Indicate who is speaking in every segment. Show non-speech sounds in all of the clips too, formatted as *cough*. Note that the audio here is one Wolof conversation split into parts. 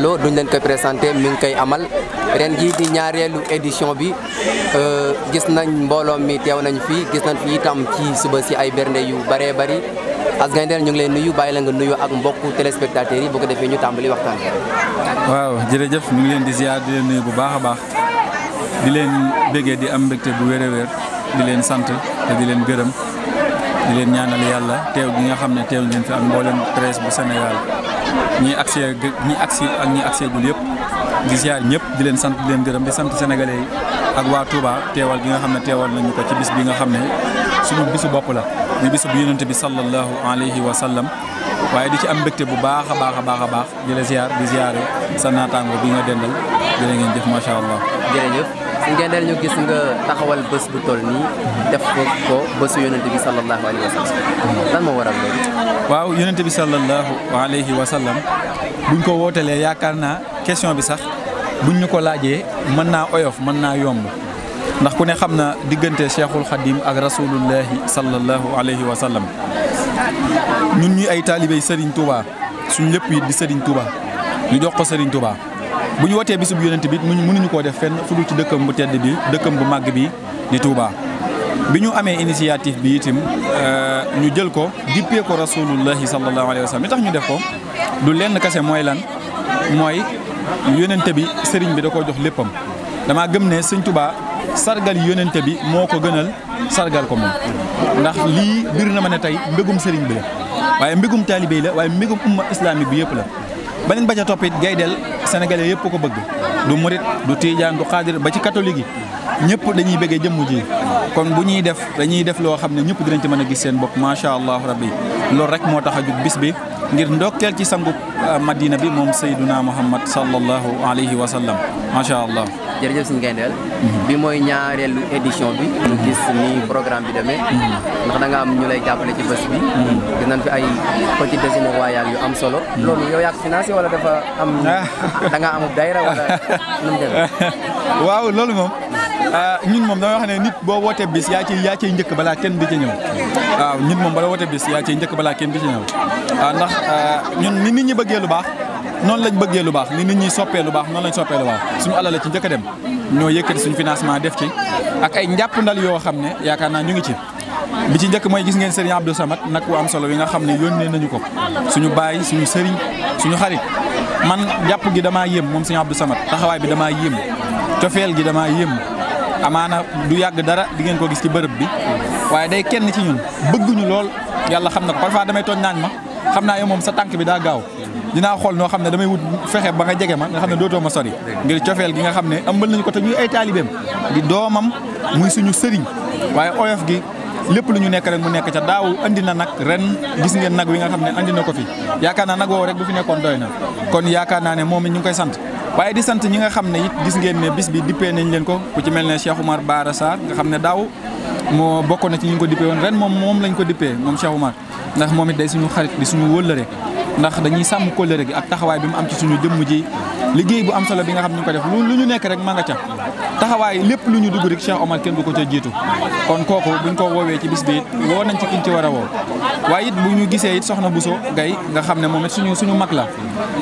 Speaker 1: lo duñ len koy présenter mi ngi amal ren gi di ñaarelu édition bi euh, gis nañ mbooloo mi tew nañ fi gis nañ fi itam ci suba ci ay bernde yu bare bari asgandel ñu ngi lay nuyu bàyyi la nga nuyu ak mbokk téléspectateurs yi bu ko défé ñu tambali waxtan
Speaker 2: waaw jërëjëf ñu ngi len di ziar di len nuyu bu baaxa a baax di len bëggé di am mbékté bu wéré a wér di len sante té di len gërëm di len ñaanal yalla tew gi nga xamné tew ngeen fi ak mboolem presse bu Sénégal ñi agsi ñi agsi ak ñi agsi gul yëpp di ziar ñëpp di leen sant di leen gërëm di sant sénégalais yi ak waa Touba teewal gi nga xam ne teewal nañu ko ci bis bi nga xam ne suñu bisu bopp la ñu bisu bu yonente bi sallallahu alayhi wa sallam waaye di ci am mbégte bu baax a baax a baax a baax di la ziar di ziare sa naataango bi
Speaker 1: nga dendal jërë ngeen jëf macha allah jërëjëf si ngeen ñu gis nga taxawal bés bu toll nii def ko bésu yonent bi sallallahu alayhi wa sallam lan moo waral loolu.
Speaker 2: waaw yonent bi sallallahu alayhi wa sallam buñ ko wootelee yaakaar naa question bi sax buñ ñu ko laajee mën naa oyof mën naa yomb ndax ku ne xam na diggante Cheikhul Khadim ak rasulullahi sallallahu alayhi wa sallam ñun ñuy ay taalibey Serigne Touba suñ lépp it di Serigne Touba ñu jox ko Serigne Touba. bu ñu wootee bisub yonent bi mënuñu koo def fenn fu dul ci dëkkam bu tedd bi dëkkam bu màgg bi di Touba. bi ñu amee initiative bi itam euh, ñu jël ko dippee ko rasulullahi sallallahu alayhi wa sallam li tax ñu def ko du lenn kese mooy lan mooy yonente bi sëriñ bi da koo jox léppam damaa gëm ne sëñ Touba sargal yonente bi moo ko gënal sargal ko moom
Speaker 3: ndax lii bir
Speaker 2: na ma ne tey mbegum sëriñ bi la waaye mbégum taalibe la waaye mbégum umma islamique bi yëpp la beneen ba ca gaydel sénégalais yëpp ko bëgg du murit du tiijaan du xaadir ba ci catholique yi ñëpp dañuy bëggee jëmm ji kon bu ñuy def dañuy def loo xam ne ñëpp dinañ ci mën a gis seen bopp macha allah rabbi loolu rek moo tax a jug bis bi ngir ndokkeel ci sangu ah, madina bi moom sayduna muhammad sallallahu alayhi wa sallam macha allah jërëjëf suñu gayndeel mhm.
Speaker 1: bi moy ñaareelu édition bi ñu gis ni programme bi démé mhm. ndax da nga am ñu lay jappalé ci bëss bi mhm. gis nañ fi ay petit déjeuner royal yu am solo loolu yow yaak financé wala dafa am *laughs* da nga am daayira wala ñu dem
Speaker 2: *laughs* waaw loolu mom ah, ñun moom dama wax ne nit bo woté bis ya ci ya ci ñëk bala kenn di ci ñëw waaw ñun mom bala woté bis ya ci ñëk bala kenn di ci ñëw
Speaker 3: ah, ndax ah,
Speaker 2: ñun ni nit ñi bëggé lu baax non lañ bëggé lu baax ni nit ñi soppé lu baax non lañ soppé lu baax suñu alal ci njëkk dem ñoo yëkkati suñu financement def ci ak ay njàpp ndal yo xamné yaakaarna ñu ngi ci bi ci njëkk moy gis ngeen Serigne Abdou Samad nak wu am solo wi nga xamné ne nañu ko suñu baay suñu Serigne suñu xarit man jàpp gi dama yëm mom Serigne Abdou Samad taxaway bi dama yëm tofel gi dama yëm amana du yag dara di ngeen ko gis ci bërepp bi waye day kenn ci ñun ñu lool yalla xamna ko parfois damay toñ nañ ma xamna yow mom sa tank bi da gaaw dinaa xool noo xam ne damay wut fexe ba nga jege ma nga xam ne dootoo ma sori ngir cofeel gi nga xam ne ëmbal nañu ko te ñuy ay taalibeem di doomam muy suñu sëriñ waaye oyof gi lépp lu ñu nekk rek mu nekk ca daaw indi na nag ren gis ngeen nag wi nga xam ne indi na ko fi yaakaar naa nag woowu rek bu fi nekkoon doy na kon yaakaar naa ne moom it ñu ngi koy sant waaye di sant ñi nga xam ne it gis ngeen ne bis bi dippee nañ leen ko ku ci mel ne Cheikh Oumar Bara Sarr xam ne daaw moo bokk ci ñu ko dippee woon ren moom moom lañ ko dippee moom Cheikh Oumar ndax moom it suñu xarit di suñu wëllëre ndax dañuy sàmm kóllëre gi ak taxawaay bi mu am ci suñu jëmm ji liggéey bu am solo bi nga xam ñu ko def lu ñu nekk rek ma nga ca taxawaay lépp lu ñu dugg rek Cheikh Omar kenn du ko ca jiitu kon kooku buñ ko woowee ci bis bi it woo nañ ci kiñ ci war a woo waaye it bu ñu gisee it soxna Bousso gay nga xam ne moom it suñu suñu mag la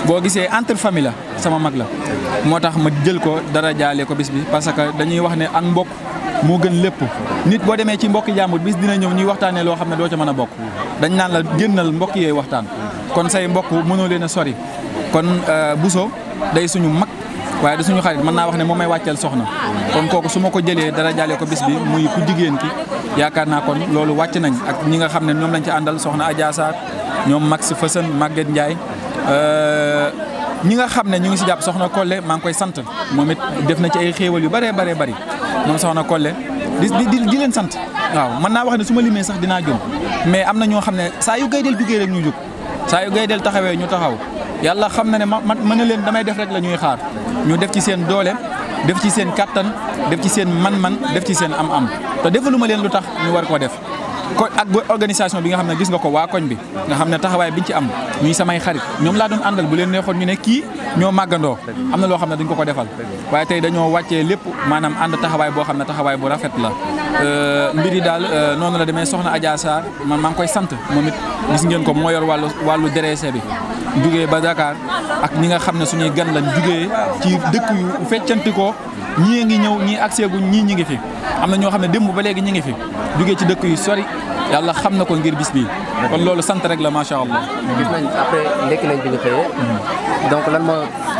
Speaker 2: boo gisee entre famille la sama mag la moo tax ma jël ko dara jaale ko bis bi parce que dañuy wax ne ak mbokk moo gën lépp nit boo demee ci mbokki jàmbur bis dina ñëw ñuy waxtaanee loo xam ne doo ca mën a bokk dañ naan la génnal mbokk yooyu waxtaan kon say mbokk mënoo leen a sori kon euh, Bousso day suñu mag waaye da suñu xarit mën naa wax ne moom may wàcceel soxna kon kooku su ma ko jëlee dara jàllee ko bis bi muy ku jigéen ki yaakaar naa kon loolu wàcc nañ ak ñi nga xam ne ñoom lañ ci àndal soxna Adja Sarr ñoom Max Fassane Maguette Ndiaye euh, ñi nga xam ne ñu ngi si jàpp soxna Kolle maa ngi koy sant moom it def na ci ay xéewal yu bëree bëree bari moom soxna Kolle di di leen sant waaw mën naa wax ne su ma limee sax dinaa jum mais am na ñoo xam ne saa yu gaydeel duggee ñu jóg saa yu gaydel taxawee ñu taxaw yàlla xam na ne ma man mën a leen damay def rek la ñuy xaar ñu def ci seen doole def ci seen kattan def ci seen man-man def ci seen am-am te defaluma leen lu tax ñu war koo def ko ak organisation bi nga xam ne gis nga ko waa koñ bi nga xam ne taxawaay bi ci am ñuy samay xarit ñoom laa doon àndal bu leen neexoon ñu ne kii ñoo màggandoo am na loo xam ne dañ ko ko defal waaye tey dañoo wàccee lépp maanaam ànd taxawaay boo xam ne taxawaay bu rafet la euh, mbir yi daal euh, noonu la demee soxna Adja Sarr man maa ngi koy sant moom it gis ngeen ko moo yor wàllu wàllu dressé bi jugee ba Dakar ak ñi nga xam ne suñuy gan lañ jugee ci dëkk yu feccanti ko ñi ngi ñew ñi accès ñi ñi ngi fi amna ño xamne dem ba légui ñi ngi fi duggé ci dëkk yu sori yalla xamna ko ngir bis bi kon lolu sant rek la ma sha Allah
Speaker 1: gis nañ après lék nañ biñu ñu xeyé hmm.
Speaker 2: donc lan mo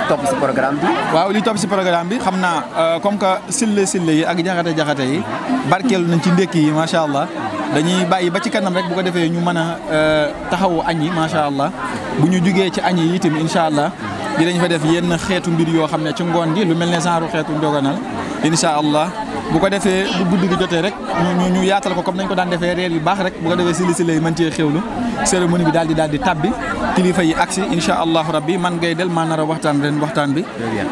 Speaker 2: top ci programme bi waaw li top ci programme bi xamna euh, comme que sille sille yi ak jaxata jaxata yi barkel nañ ci ndekki yi ma sha Allah dañuy bayyi ba ci kanam rek bu ko défé ñu mëna euh, taxawu añi ma sha Allah bu ñu jugé ci añi yitim insha Allah dinañ fa def yenn xeetu mbir yoo xam ne ci ngoon gi lu mel ne genre xeetu ndoganal incha allah bu ko defee bu guddi gi jotee rek ñu ñu yaatal ko comme nañ ko daan defee reer yu baax rek bu ko defee sili si lay mën cee xewlu cérémonie bi daal di daal di tabbi kilifa yi agsi incha allahu rabbi man ngay del maa nar a waxtaan ren waxtaan bi.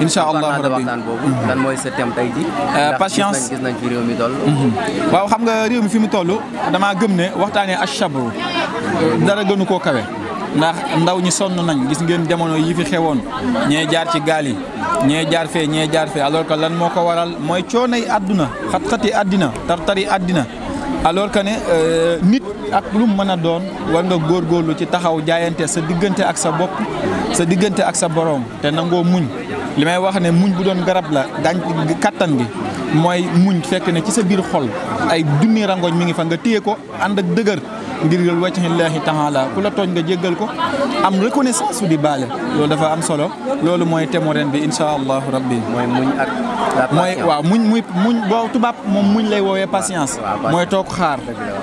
Speaker 2: incha allahu rabbi waxtaan boobu. Mhm. lan mooy sa thème tey jii. Euh, patience gis nañ fi réew mi toll. Mhm. waaw xam nga réew mi fi mu toll damaa gëm ne waxtaanee ashabru dara gënu koo kawe. ndax ndaw ñi sonn nañ gis ngeen jamono yi fi xewoon ñee jaar ci gaal yi ñee jaar fee ñee jaar fee alors que lan moo ko waral mooy coonay àdduna xat-xati àddina tar-tari àddina alors que ne euh, nit ak lu mën a doon war nga góor góorgóorlu ci taxaw jaayante sa diggante ak sa bopp sa diggante ak sa borom te nangoo muñ li may wax ne muñ bu doon garab la gaañ kàttan gi mooy muñ fekk ne ci sa biir xol ay dunni rangoñ mi ngi fa nga téye ko ànd ak dëgër ngir yol wajhillahi taala ku la tooñ nga jéggal ko am reconnaissance su di baale loolu dafa am solo loolu mooy thème ren bi incha allahu rabbi mooy muñ ak mooy waaw muñ muy muñ boo tubaab moom muñ lay woowee patience mooy toog xaar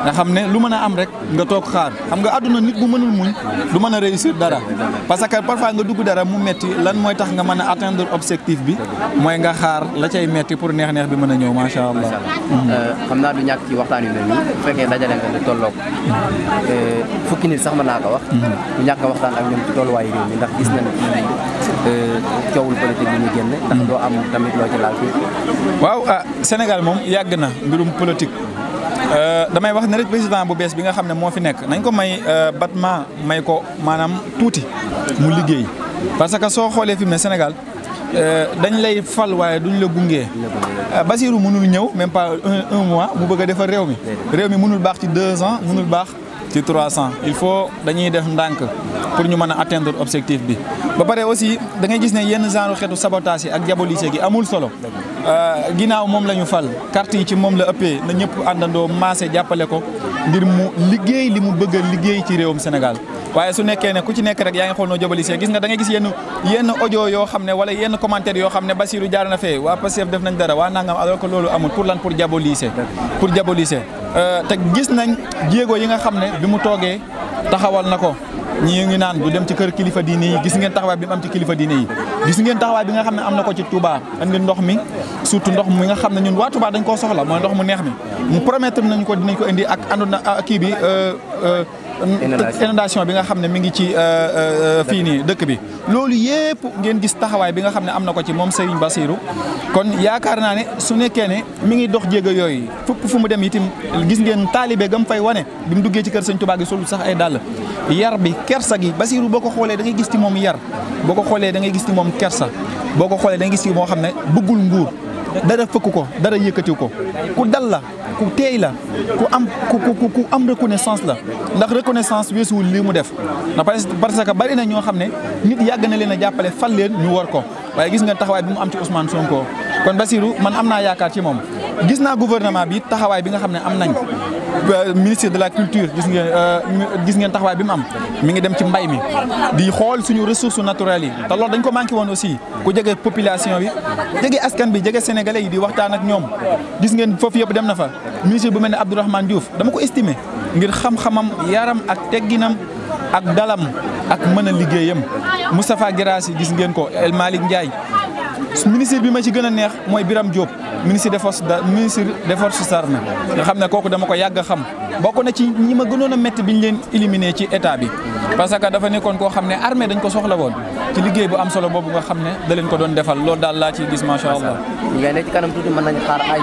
Speaker 2: nga xam ne lu mën a am rek nga toog xaar xam nga àdduna nit bu mënul muñ lu mën a réussir dara parce que parfois nga dugg dara mu metti lan mooy tax nga mën a atteindre objectif bi mooy nga xaar la cay metti pour neex neex bi mën a
Speaker 1: ñëw macha allah mhm. euh, xam naa du ñàkk ci waxtaan yu mel nii bu fekkee dajale nga lu tolloog euh, fukki nit sax mën naa ko wax mhm. du ñàkk nga waxtaan ak ñoom ci tolluwaayu mi ndax gis nañ coowul politique bi ñu génne. ndax doo am tamit loo ci laal fii. waaw ah
Speaker 2: Sénégal moom yàgg na mbirum politique. Euh, damay wax ne rek président bu bees bi nga xam ne moo fi nekk nañ ko may euh, batma may ko maanaam tuuti mu liggéey parce que soo xoolee fi ne Sénégal euh, dañ lay fal waaye duñ la gunge. Basirou mënul ñëw même pas un mois mu bëgg a defal réew mi. réew mi mënul baax ci deux ans mënul baax. ci trois 300 il faut dañuy def ndànk pour ñu mën a atteindre objectif bi ba pare aussi da ngay gis ne yenn genre xeetu sabotage yi ak diabolisé gi amul solo euh, ginnaaw moom la ñu fal carte yi ci moom la ëppee na ñëpp àndandoo maase jàppale ko ngir mu liggéey li mu bëgg liggéey ci réewum Sénégal waaye su nekkee ne ku ci nekk rek yaa ngi xool noo jëbalisee gis nga da ngay gis yenn yenn yoo xam ne wala yenn commentaire yoo xam ne Basirou jaar na fee waa Pastef def nañ dara waa nangam alors que loolu amul pour lan pour diaboliser pour diaboliser euh, te gis nañ jéego yi nga xam ne bi mu toogee taxawal na ko ñii ngi naan du dem ci kër kilifa diine yi gis ngeen taxawaay bi mu am ci kilifa diine yi gis ngeen taxawaay bi nga xam ne am na ko ci Touba andi ndox mi surtout ndox mi nga xam ne ñun waa Touba dañ koo soxla ndox mu neex mi nañ ko dinañ ko indi ak àndoon na kii bi euh, euh, inondation bi nga xam ne mu ngi ci euh, euh, euh, fii nii dëkk bi loolu yëpp ngeen gis taxawaay bi nga xam ne am na ko ci moom Serigne Bassirou kon yaakaar naa ne su nekkee ne mi ngi dox jéego yooyu fupp fu mu dem itam gis ngeen taalibee taalibe gam fay wane bi mu duggee ci kër sañ Touba gi solul sax ay dàll yar bi kersa gi Bassirou boo ko xoolee da gis ci moom yar boo ko xoolee da ngay gis ci moom kersa boo ko xoolee da ngay gis ci moo xam ne bëggul nguur dara fëkk ko dara yëkkatiw ko ku dal la ku teey la ku am ku ku ku am reconnaissance la ndax reconnaissance weesuwul lii mu def na parce que bari na ñoo xam ne nit yàgg na leen a jàppale fal leen ñu war ko waaye gis nga taxawaay bi mu am ci Ousmane Sonko kon basirou man amna yakar ci mom gis na gouvernement bi taxaway bi nga xamne am nañ euh, ministre de la culture gis ngeen euh, gis ngeen taxaway bi mu am mi ngi dem ci mbay mi di xol suñu ressources naturelles yi te loolu dañ ko manki won aussi ku jégué population bi jégué askan bi jégué sénégalais yi di waxtaan ak ñom gis ngeen fofu yépp dem na fa ministre bu melni Abdourahmane Diouf dama ko estimé ngir xam-xamam yaram ak tegginam ak dalam ak mën liggéeyam Moustapha Guirassy gis ngeen ko El malik ndjay ministre bi ma ci gën a neex mooy biram Diop ministre des forces da ministre des forces armées nga xam ne kooku dama ko yàgg xam bokk na ci ñi ma gënoon a métti bi ñu leen éliminé ci état bi parce que dafa nekkoon koo xam ne armée dañ ko soxla woon ci liggéey bu am solo boobu nga xam ne da leen ko doon defal loolu daal laa ciy gis macha allah.
Speaker 1: ngay ne ci kanam tuuti mën nañ xaar ay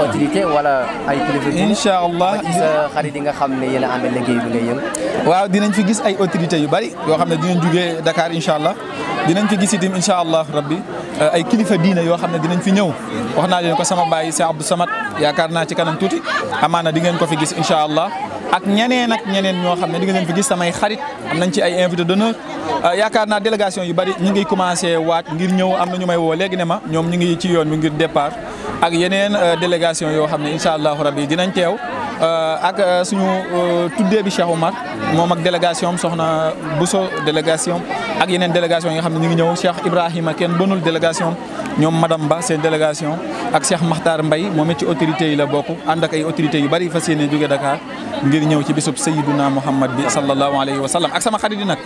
Speaker 1: autorité kilifa. incha allah ci yi nga xam ne yéen a amee liggéey bi
Speaker 2: ngay yëng. waaw dinañ fi gis ay autorités yu bari yoo xam ne dinañ jugee dakaar incha allah dinañ fi gis itam incha allah rabbi eh, ay kilifa diine yoo xam ne dinañ fi ñëw wax naa leen ko sama baay Cheikh Abdou Samad yaakaar naa ci kanam tuuti amaana di ngeen ko fi gis incha allah ak ñeneen ak ñeneen ñoo xam ne di ngeen fi gis samay xarit am nañ ci ay invité d'honneur eh, yaakaar naa délégation yu bari ñu ngi commencé waaj ngir ñëw am na ñu may woo léegi ne ma ñoom ñu ngi ci yoon bi ngir départ ak yeneen eh, délégation yoo xam ne incha allah rabbi dinañ teew ak suñu tuddee bi Cheikh Oumar moom ak délégation am soxna délégation ak yeneen délégation yi nga xam ne ñu ngi ñëw Cheikh Ibrahima kenn bonul délégation ñoom madame Ba seen délégation ak Cheikh Makhtar Mbaye moom it ci yi la bokk ànd ak ay autorités yu bari fas yéene jóge Dakar ngir ñëw ci bisub Sayyiduna Muhammad bi sallallahu alayhi wa sallam ak sama xarit yi nag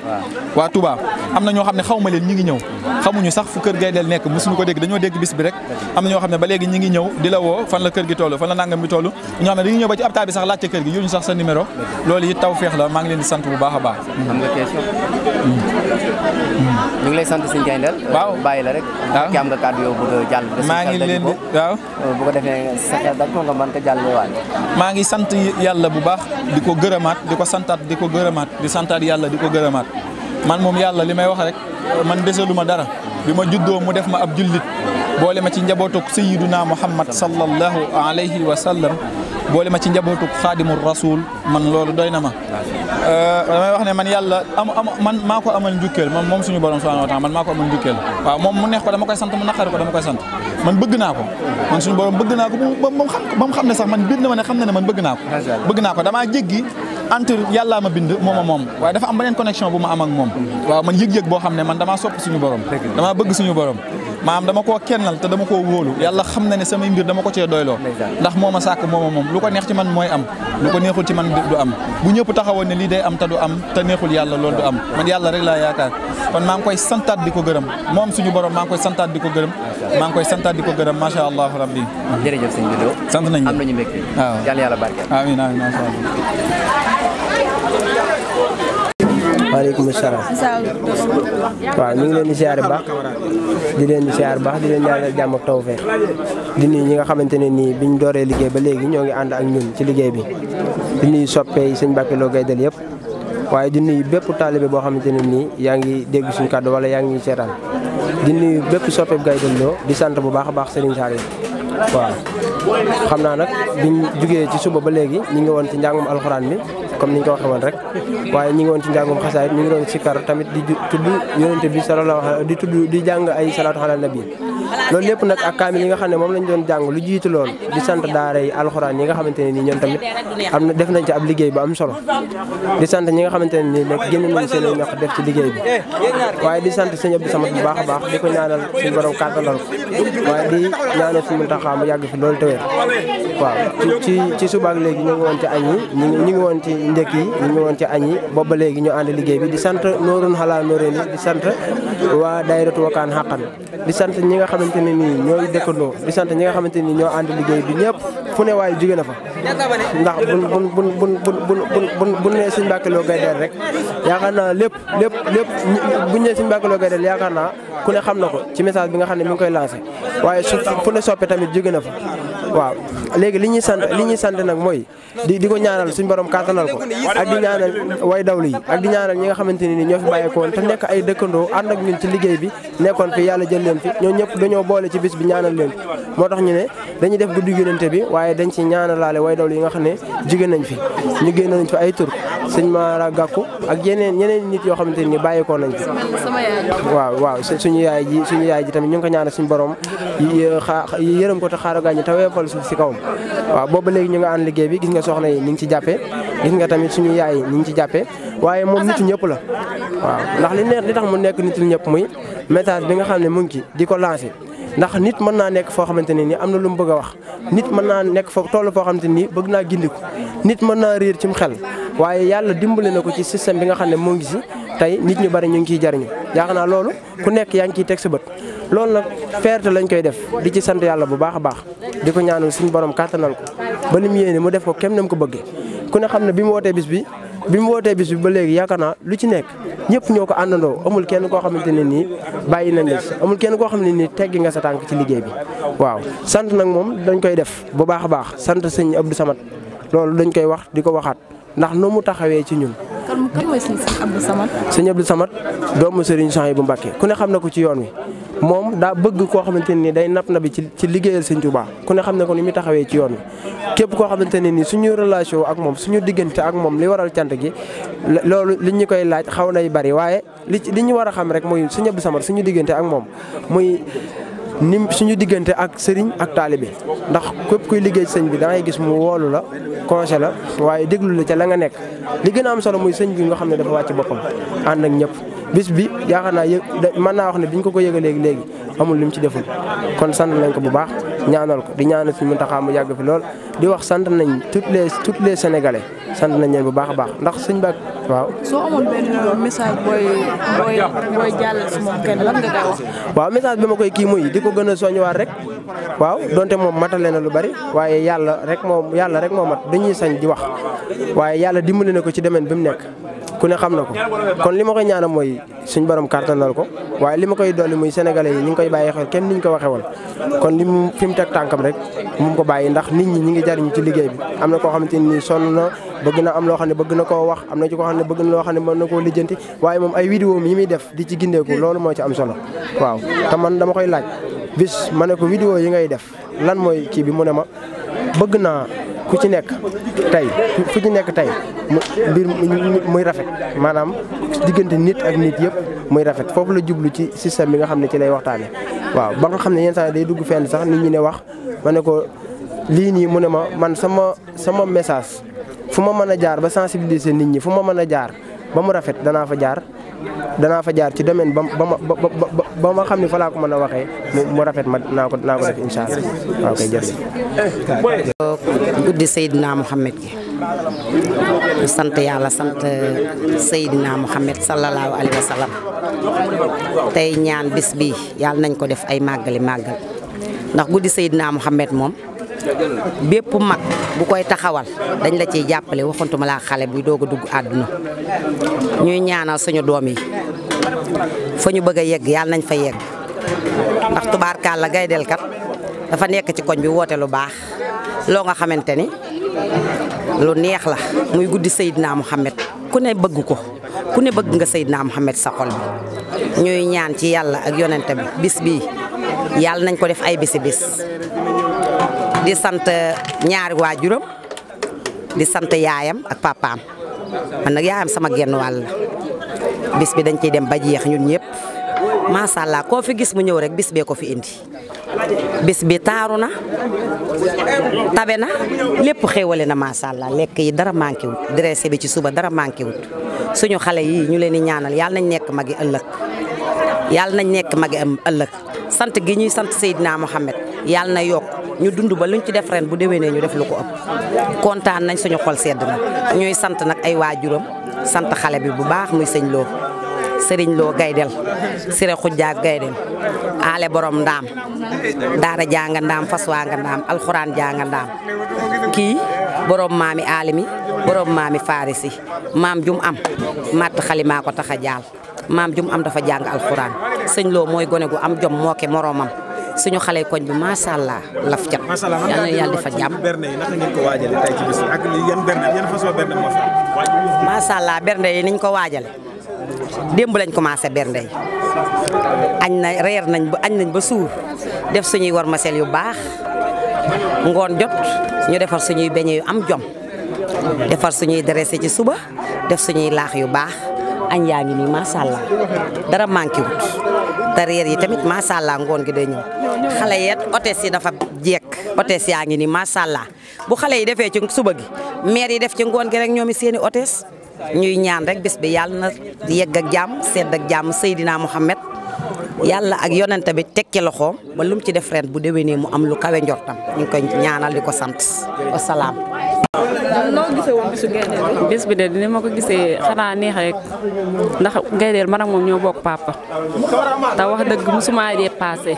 Speaker 2: waa Touba am na ñoo xam ne xaw ma leen ñi ngi ñëw xamuñu sax fu kër Gaydel nekk mosuñu ko dégg dañoo dégg bis bi rek am na ñoo xam ne ba léegi ngi ñëw di la woo fan la kër gi toll fan la nangam bi toll ñoo ñëw ba ci apta bi sax laajte kër gi yónni sax sa numéro loolu la maa ngi leen di sant bu baax a ñu ngi lay sant sëñ
Speaker 1: Gaynde waaw bàyyi la rek. waaw ki nga kàddu jàll. maa ngi leen di waaw. Euh, bu ko defee sa xel daj ko nga mën
Speaker 2: maa ngi sant yàlla bu baax di ko gërëmaat di ko santaat di ko gërëmaat di santaat yàlla di ko gërëmaat man moom yàlla li may wax rek man desaluma dara bi ma juddoo mu def ma ab jullit boole ma ci njabootuk sayiduna muhammad sallallahu alayhi wa sallam boole ma ci njabootuk xaadimul rasul man loolu doy na ma euh, damay wax ne man yàlla am am man maa ko amal njukkeel man moom suñu borom subhanahu wa taala man maa ko amal njukkeel waaw moom mu neex ko dama koy sant mu naqari ko dama koy sant man bëgg naa ko man suñu borom bëgg naa ko ba xam ba mu ne sax man biir na ma ne xam na ne man bëgg naa ko bëgg naa ko damaa jéggi entre yàllaa ma bind moom a moom waaye dafa am beneen connexion bu am moom waaw man boo xam ne man damaa sopp suñu borom damaa bëgg suñu borom maanaam dama koo kennal te dama ko wóolu yàlla xam na ne samay mbir dama ko cee doyloo ndax moo ma sàkk mooma moom lu ko neex ci man mooy am lu ko neexul ci man du am bu ñëpp taxawoon ne lii day am te du am te neexul yàlla loolu du am man yàlla rek laa yaakaar kon maa ngi koy santaat di ko gërëm moom suñu borom maa ngi koy santaat di ko gërëm maa ngi koy santaat di ko gërëm macha allah rabbi jërëjëf sëñ
Speaker 1: Dodo sant nañ am nañu mbégte waaw yàlla yàlla barkeel amiin amiin macha allah waaleykum salaam waaw ñu ngi leen di siyaare baax di leen di siyaare di leen ñaanal jàmm ak tawfeex di ni ñi nga xamante ni nii biñ dooree liggéey ba léegi ñoo ngi ànd ak ñun ci liggéey bi di nuyu soppee sëñ Mbàkke Lo Gaydel yëpp waaye di nuyu bépp taalibe bo xamante ni yang yaa ngi dégg suñu yang wala yaa ngi seetaan di nuyu bépp soppeeb Gaydel Lo di sant bu baax a baax Serigne Saliou
Speaker 3: waaw xam naa nag biñ
Speaker 1: jugee ci suba ba léegi ñu ngi woon ci njàngum alxuraan bi comme niñ ko waxe won rek waye ñi ngi won ci njàngum xasaayit ñu ngi ci kar tamit di tuddu yonente bi sallallahu alayhi di tuddu di jang ay salatu ala nabi loolu lepp nak ak kaamil yi nga xam mom lañ doon jang lu jitu lool di sante daara yi alcorane yi nga xamante ni nii tamit am na def nañ ci ab liggéey bu am solo di sante ñi nga xamante ni nek nag génn nañ seen ñax def ci liggéey bi waye di sante sëñ Abdou Samad bu baax baax di ko ñaanal suñu borom kàttanal ko waaye di ñaanal suñu Muntaxa mu yàgg fi loolu tawé
Speaker 3: waaw ci
Speaker 1: ci suba ak léegi ñu ngi won ci añ yi ñu ngi won ci yu njëkk yi ñu ngi woon ci añ yi booba léegi ñu ànd liggéey bi di sant Noorun Xalaa Nooréni di sant waa dayratu Wakaan Xaqan di sant ñi nga xamante ne nii ñooy dëkkandoo di sant ñi nga xamante ni ñoo ànd liggéey bi ñëpp fu ne waaye jóge na fa ndax bu bu bu bu bu bu bu nee Serigne Mbacké Lo Gaye Del rek yaakaar naa lépp lépp lépp bu nee Serigne Mbacké Lo Gaye yaakaar naa ku ne xam na ko ci message bi nga xam ne mi ngi lancé waaye su fu ne soppe tamit jóge na fa waaw léegi li ñuy sant li ñuy sant nag mooy di di ko ñaanal suñu borom kàttanal ko ak di ñaanal way dawlu yi ak di ñi nga xamante ne ni ñoo fi bàyyeekoon te nekk ay dëkkandoo ànd ci liggéey bi nekkoon yàlla jël leen fi ñoo ñëpp dañoo boole ci bis bi ñaanal leen moo tax ñu ne dañuy def guddi yonente bi waaye dañ ci ñaanalaale way daw yi nga xam ne jigéen nañ fi ñu génn nañ fi ay tur sëñ Mara Gàkku ak yeneen yeneen nit yoo xamante ni bàyyeekoo nañ fi waaw waaw suñu yaay ji suñu yaay ji tamit ñu ngi ko ñaan suñu borom yërëm ko te xaaral gaañ te weefal suuf si kawam waaw booba léegi ñu nga liggéey bi gis nga soxna yi ñu ngi ci jàppee gis nga tamit suñu yaay yi ñu ngi ci jàppee waaye moom nit ñëpp la waaw ndax li neex li tax mu nekk nitu ñëpp muy message bi nga xam ne mu ngi ci di ko lancé ndax nit mën naa nekk foo xamante ne nii am na lu mu bëgg a wax nit mën naa nekk foo toll foo xamante ni bëgg naa gindiku nit mën naa ci mu xel waaye yàlla dimbali na ko ci système bi nga xam ne moo ngi si tey nit ñu bari ñu ngi ciy jariñu yaakaar naa loolu ku nekk yaa ngi ciy teg sa bët loolu nag fierté lañ koy def di ci sant yàlla bu baax a baax di ko ñaanal suñu borom kàttanal ko ba li mu yéene mu def ko kem na mu ko bëggee ku ne xam ne bi mu wootee bis bi bi mu wootee bis bi ba léegi yaakaar naa lu ci nekk ñëpp ñoo ko àndandoo amul kenn koo xamante ne nii bàyyi nañ la ci amul kenn koo xam ne nii teggi nga sa tànk ci liggéey bi waaw sant nag moom dañ koy def bu baax a baax sant sëñ Abdou Samad loolu dañ koy wax di ko waxaat ndax nu mu taxawee ci ñun.
Speaker 4: kan kan mooy sëñ Abdou Samad.
Speaker 1: sëñ Abdou Samad doomu Serigne Souhaïbou Mbacké ku ne xam na ko ci yoon wi moom daa bëgg koo xamante ni day napp na bi ci ci liggéeyal sëñ Tuubaa ku ne xam ne ko ni muy taxawee ci yoon wi képp koo xamante ne ni suñu relation ak moom suñu diggante ak moom li waral cant gi loolu li ñu koy laaj xaw na nay bari waaye li ci li ñu war a xam rek mooy su Abdou Samad suñu diggante ak moom muy ni suñu diggante ak sëriñ ak taalibe ndax képp kuy liggéey sëñ bi da gis mu woolu la conseil la waaye déglu la ca la nga nekk li gën a am solo muy sëñ bi nga xam ne dafa wàcc boppam ànd ak ñëpp bis bi yaakaar naa yëg mën naa wax ne biñ ko ko yëga léegi léegi amul lim ci deful kon sant nañ ko bu baax ñaanal ko di ñaanal suñu Muntaxa mu yàgg fi lool di wax sant nañ toutes les toutes les sénégalais sant nañ leen bu baax a baax ndax suñ baax waaw.
Speaker 4: soo amoon benn message booy
Speaker 1: bi ma koy kii muy di ko gën a soññewaat rek waaw donte moom matale na lu bari waaye yàlla rek moo yàlla rek moo mat dañuy sañ di wax waaye yàlla dimbali na ko ci domaine bi mu nekk. ku ne xam na ko kon li ma koy ñaanal mooy suñ borom kàttanal ko waaye li ma koy dolli muy sénégalais yi ñu ngi koy bàyyi xel kenn ni ñu ko waxee woon kon li mu fi mu teg tànkam rek mu ko bàyyi ndax nit ñi ñu ngi jariñu ci liggéey bi am na koo xamante ni sonn na bëgg na am loo xam ne bëgg na koo wax am na ci koo xam ne bëgg na loo xam ne mën na koo lijjanti waaye moom ay vidéo yi muy def di ci gindeeku loolu moo ci am solo waaw te man dama koy laaj bis ma ne ko vidéo yi ngay def lan mooy kii bi mu ne ma bëgg naa ku ci nekk tey ku ci nekk tey mu mbir muy rafet maanaam diggante nit ak nit yëpp muy rafet foofu la jublu ci système bi nga xam ne ci lay waxtaane waaw ba nga xam ne yenn saa day dugg fenn sax nit ñi ne wax ma ne ko lii nii mu ne ma man sama sama message fu ma mën a jaar ba sensibiliser nit ñi fu ma mën a jaar ba mu rafet danaa fa jaar danaa fa jaar ci domaine ba ba ma ma xam ne fa ko mën a waxee mu rafet ma naa ko naa ko def incha allah waaw kay jërëjëf.
Speaker 5: guddi Seydina Mouhamed gi sant yàlla sant Seydina naa sallallahu alayhi wa sallam tey ñaan bis bi yàlla nañ ko def ay màggali màggal ndax guddi Seydina Mouhamed moom. bépp mag bu koy taxawal dañ la ciy jàppale waxantuma laa xale buy doog a dugg àdduna ñuy ñaanal suñu doom yi fa ñu bëgg a yegg yàlla nañ fa yegg ndax tubaarkaal la gaydel kat dafa nekk ci koñ bi woote lu baax loo nga xamante ni lu neex la muy guddi Seydina Muhammad ku ne bëgg ko ku ne bëgg nga Seydina Muhammad sa xol bi ñuy ñaan ci yàlla ak yonente bi bis bii yàlla nañ ko def ay bisi bis di sant ñaari waajuram di sant yaayam ak papaam man nag yaayam sama genn wàll la bis bi dañ ciy dem ba jeex ñun ñëpp macha allah koo fi gis mu ñëw rek bis bee ko fi indi. bis bi taaru na tabe na lépp xéewale na macha allah lekk yi dara manqué wut dressé bi ci suba dara manqué wut suñu xale yi ñu leen di ñaanal yàlla nañ nekk magi ëllëg yàlla nañ nekk magi ëllëg sant gi ñuy sant Seydina Mohamed. yàlla na yokk ñu dund ba luñ ci def ren bu déwénee ñu def lu ko ëpp kontaan nañ suñu xol sedd na ñuy sant nag ay waajuram sant xale bi bu baax muy sëñ Lo sëriñ loo Gaydel Siré Khoudia Gaydel aale borom ndaam daara janga ndaam fas waa nga ndaam alxuraan janga ndaam kii borom maami aalimi borom maami farisi maam jum am matt xalimaa ko tax a jaal maam jum am dafa jàng alxuraan sëñ loo mooy gone gu am jom mooke moromam. suñu xalé koñ bi sha allah laf jam yal na yalla defal jam
Speaker 2: berne nak ngeen ko waajale tay ci bis ak yeen berne yan façon berne
Speaker 5: fa ma sha allah berne yi niñ ko waajale demb lañ commencé berne yi na reer nañ bu agn nañ ba suur def suñuy war masel yu bax ngon jot ñu defal suñuy beñe yu am jom defal suñuy dressé ci suba def suñuy laax yu bax agn yaangi ni ma sha allah dara manki wut te reer yi tamit macha allah ngoon gi day ñëw xale yeet hôtesse yi dafa jekk hôtesse yaa ngi ni macha allah bu xale yi defee ci suba gi maire yi def ci ngoon gi rek ñoom i seeni i ñuy ñaan rek bis bi yàlla na yegg ak jàmm sedd ak jàmm Seydina Mouhamed yàlla ak yonent bi tekki loxoom ba lu mu ci def reen bu déwénee mu am lu kawe njortam ñu ko ñaanal di ko sant wasalaam
Speaker 4: noo gisee woon bisu gaydeel bi. bis
Speaker 5: bi de ni ma ko gisee
Speaker 4: xanaa neex rek ndax gaydeel man moom ñoo bokk papa te wax dëgg de paase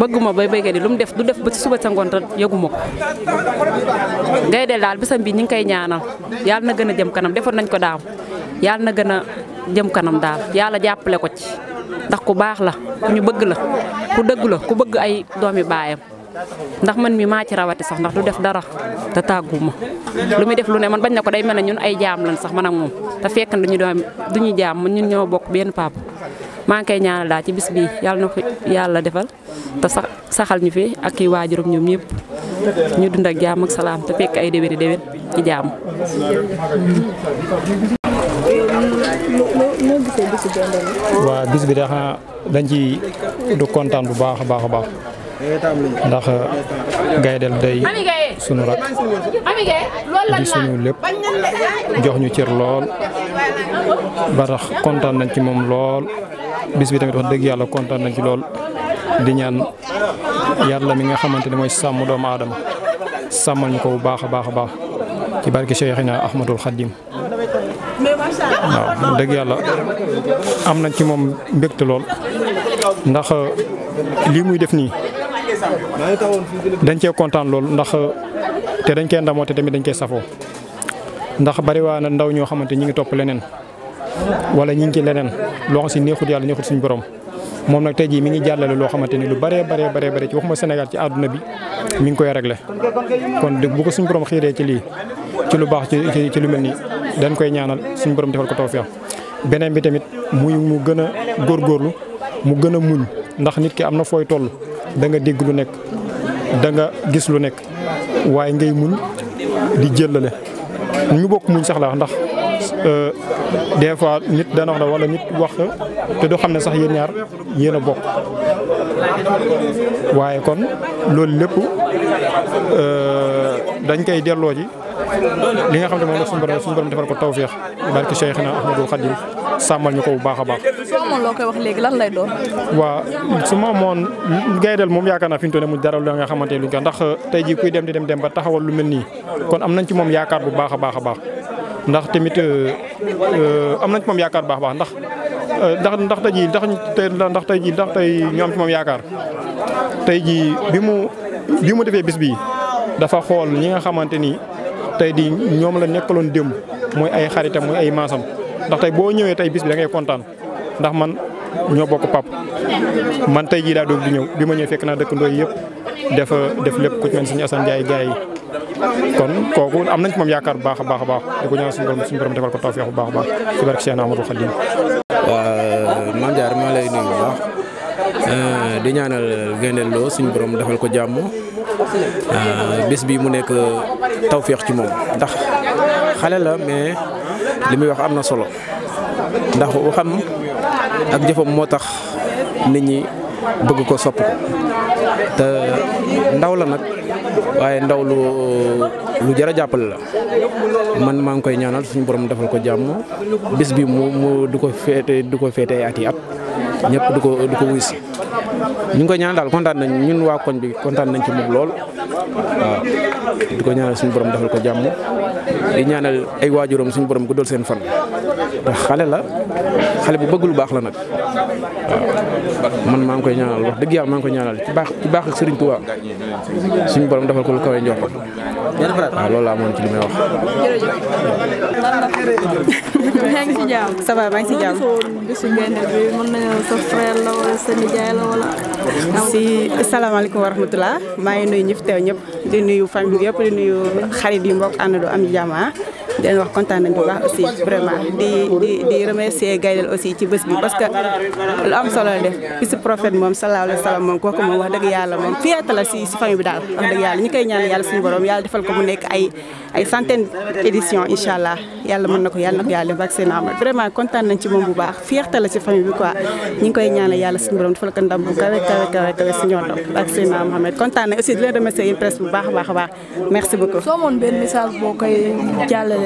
Speaker 4: bëgguma bay béykat yi lu mu def du def ba ci suba sa ngoon te yëguma ko. gaydeel daal bisam bi ñu ngi koy ñaanal yàlla na gën a jëm kanam defoon nañ ko daaw yàlla na gën a jëm kanam daal yàlla jàppale ko ci ndax ku baax la ku ñu bëgg la ku dëgg la ku bëgg ay doomi baayam. ndax man mi ma ci rawati sax ndax du def dara ta taguma lu def lu ne man bañ na ko day mel ñun ay jaam lan sax man ak mom ta fekk na duñu do duñu jaam ñun ño bok ben pap ma ngi kay ñaanal da ci bis bi yalla nako yalla defal ta sax saxal ñu fi ak i waajuram ñoom ñëpp ñu dund ak jaam ak salam ta fekk ay dewe dewe ci jaam.
Speaker 6: wa bis bi da nga dañ ci du kontaan bu baax baax baax.
Speaker 1: ndax
Speaker 6: euh, gaydel day sunu rak di sunu lépp jox ñu cër lool ba tax kontaan nañ ci moom lool bis bi tamit wax dëgg yàlla kontaan nañ ci lool di ñaan yàlla mi nga xamante ni mooy sàmm doomu aadama sàmmal ñu ko bu baax a baax a baax ci barke Cheikhina Ahmadul Khadim
Speaker 4: waaw dëgg yàlla
Speaker 6: am nañ ci moom mbégte lool ndax euh, lii muy def nii dañ cee kontaan loolu ndax te dañ koy ndamoo te tamit dañ koy safoo ndax bari waa na ndaw ñoo xamante ñi ngi topp leneen wala ñi ngi ci leneen loo si neexut yàlla neexut suñu borom moom nag tey jii mi ngi jàllale loo xamante ni lu bëree baree baree bëri ci waxuma Sénégal ci àdduna bi mi ngi koy réglé kon bu ko suñ borom xiiree ci lii ci lu baax ci ci lu mel nii dañ koy ñaanal suñu borom defal ko tawfeex beneen bi tamit muy mu gën a góorlu mu gën a muñ ndax nit ki am na fooy toll da nga dégg lu nekk danga gis lu nekk waaye ngay muñ di jëllale ñu bokk muñ sax la ndax euh, des fois nit dana wax ne wala nit wax te du xam ne sax yéen ñaar yéen a bokk waaye kon loolu lépp euh, dañ koy delloo ji li nga xam ne moom la suñu borom suñu borom defal ko tawféex barke Cheikhna Ahmadou Khadim sàmmal ñu ko bu baax a baax.
Speaker 4: soo lan lay doon.
Speaker 6: waaw su ma amoon gaydel moom yaakaar naa fi mu toll mu dara la nga xamante ne luñ ko ndax tey jii kuy dem di dem dem ba taxawal lu mel nii kon am nañ ci moom yaakaar bu baaxa a baax a baax ndax tamit euh, am nañ ci yaakaar bu baax baax ndax euh, ndax ndax tey jii ndax tey ndax tey jii ndax tey ñu am ci moom yaakaar tey jii bi mu bi mu defee bis bii dafa xool ñi nga xamante ni tey di ñoom la nekkaloon démb mooy ay xaritam mooy ay maasam. ndax tay bo ñëwé tay bis bi da ngay contane ndax man ño bokk pap man tay ji da doog di ñëw bima ñëw fekk na dekk ndoy yëpp def def lepp ku ci mel suñu Assane jaay jaay kon koku am nañ ci mom yaakar baax baax baax diko ñaan suñu borom suñu borom defal ko
Speaker 1: tawfiq bu baax baax ci barke Cheikh Amadou Khadim. euh man jaar ma lay nuyu bu euh di ñaanal Gaindé Lo suñu borom defal ko jamm euh bis bi mu nekk tawfiq ci mom ndax xalé la mais. li muy wax am na solo ndax waxam ak jëfam moo tax nit ñi bëgg ko sopp ko te ndaw la nag waaye ndaw lu lu jar a jàppale la man maa ngi koy ñaanal suñu borom defal ko jàmm bis bi mu mu du ko féete du ko féete at yi at ñëpp du ko du ko wuy ñu ko ñaan dal contane nañ ñun wa koñ bi contane nañ ci moom lool di ko ñaanal suñu borom defal ko jamm di ñaanal ay wajurum suñu borom guddal seen fan ndax xalé la xalé bu bëggul bax la nak man ma ngi koy ñaanal wax deug yàlla ma ngi koy ñaanal ci bax ci bax ak Serigne Touba suñu borom defal ko lu kawé la ci limay wax.
Speaker 4: ngi si jàmm ça va ngi si jàmm. bisu benn bi mën nañu sa frère la wala sa nijaay la wala. si salaamaaleykum wa rahmatulah maa ngi nuyu ñi fi teew ñëpp di nuyu famille bi yëpp di nuyu xarit yi mbokk ànd am jàmm ah. di leen wax kontaan nañ bu baax aussi vraiment di di di remercier Gaydel aussi ci bés bi parce que lu am solo la def ki si prophète moom salaahu alayhi wa salaam moom kooku moom wax dëgg yàlla moom fierté la si si famille bi daal wax dëgg yàlla ñu koy ñaan yàlla suñu borom yàlla defal ko mu nekk ay ay centaine édition incha allah yàlla mën na ko yàlla na ko yàlla def vaccin amal vraiment kontaan nañ ci moom bu baax fierté la si famille bi quoi ñu ngi koy ñaanal yàlla suñu borom defal ko ndam bu kawe kawe kawe kawe si ñoo doon vaccin Mohamed kontaan nañ aussi di leen remercier yéen presse bu baax a baax a baax merci beaucoup. soo amoon benn message boo koy jàllale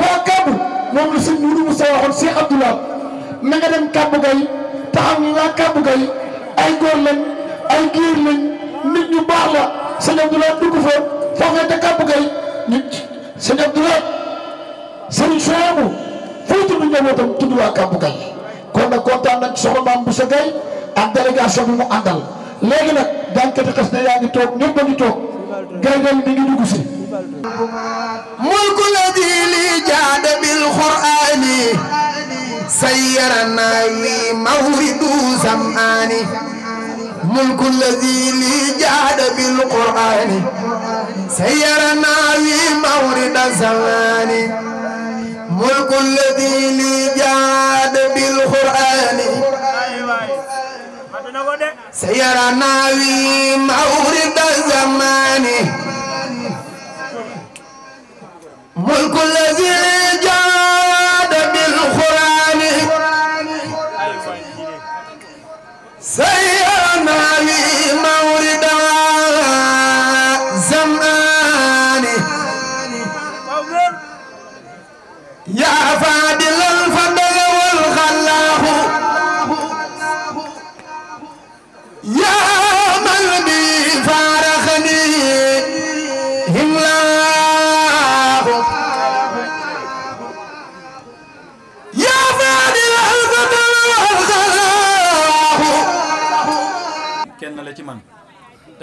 Speaker 4: waa kàbb moom la sëñ
Speaker 7: Mourou Moussa waxoon Cheikh Abdoulaye na nga dem kàbb gay taxaw ñu waa kàbb gay ay góor ay géer lañ nit ñu baax la sëñ Abdoulaye dugg fa foofee te kàbb gay nit sëñ Abdoulaye sëñ Souhaïbou foo tudd njabootam tudd waa kàbb gay kon nag kontaan nañ ci soxna maam Boussa Gueye ak délégation bi mu àndal léegi nag jànkati ne yaa ngi toog ñëpp a ngi toog. gàngal bi ngi
Speaker 3: dugusi si mulku ladi li jaada bil qur'ani sayyarana li mawridu zamani mulku ladi li jaada bil qur'ani sayyarana li mawridu zamani mulku ladi سيرنا في مورد الزمان ملك الذي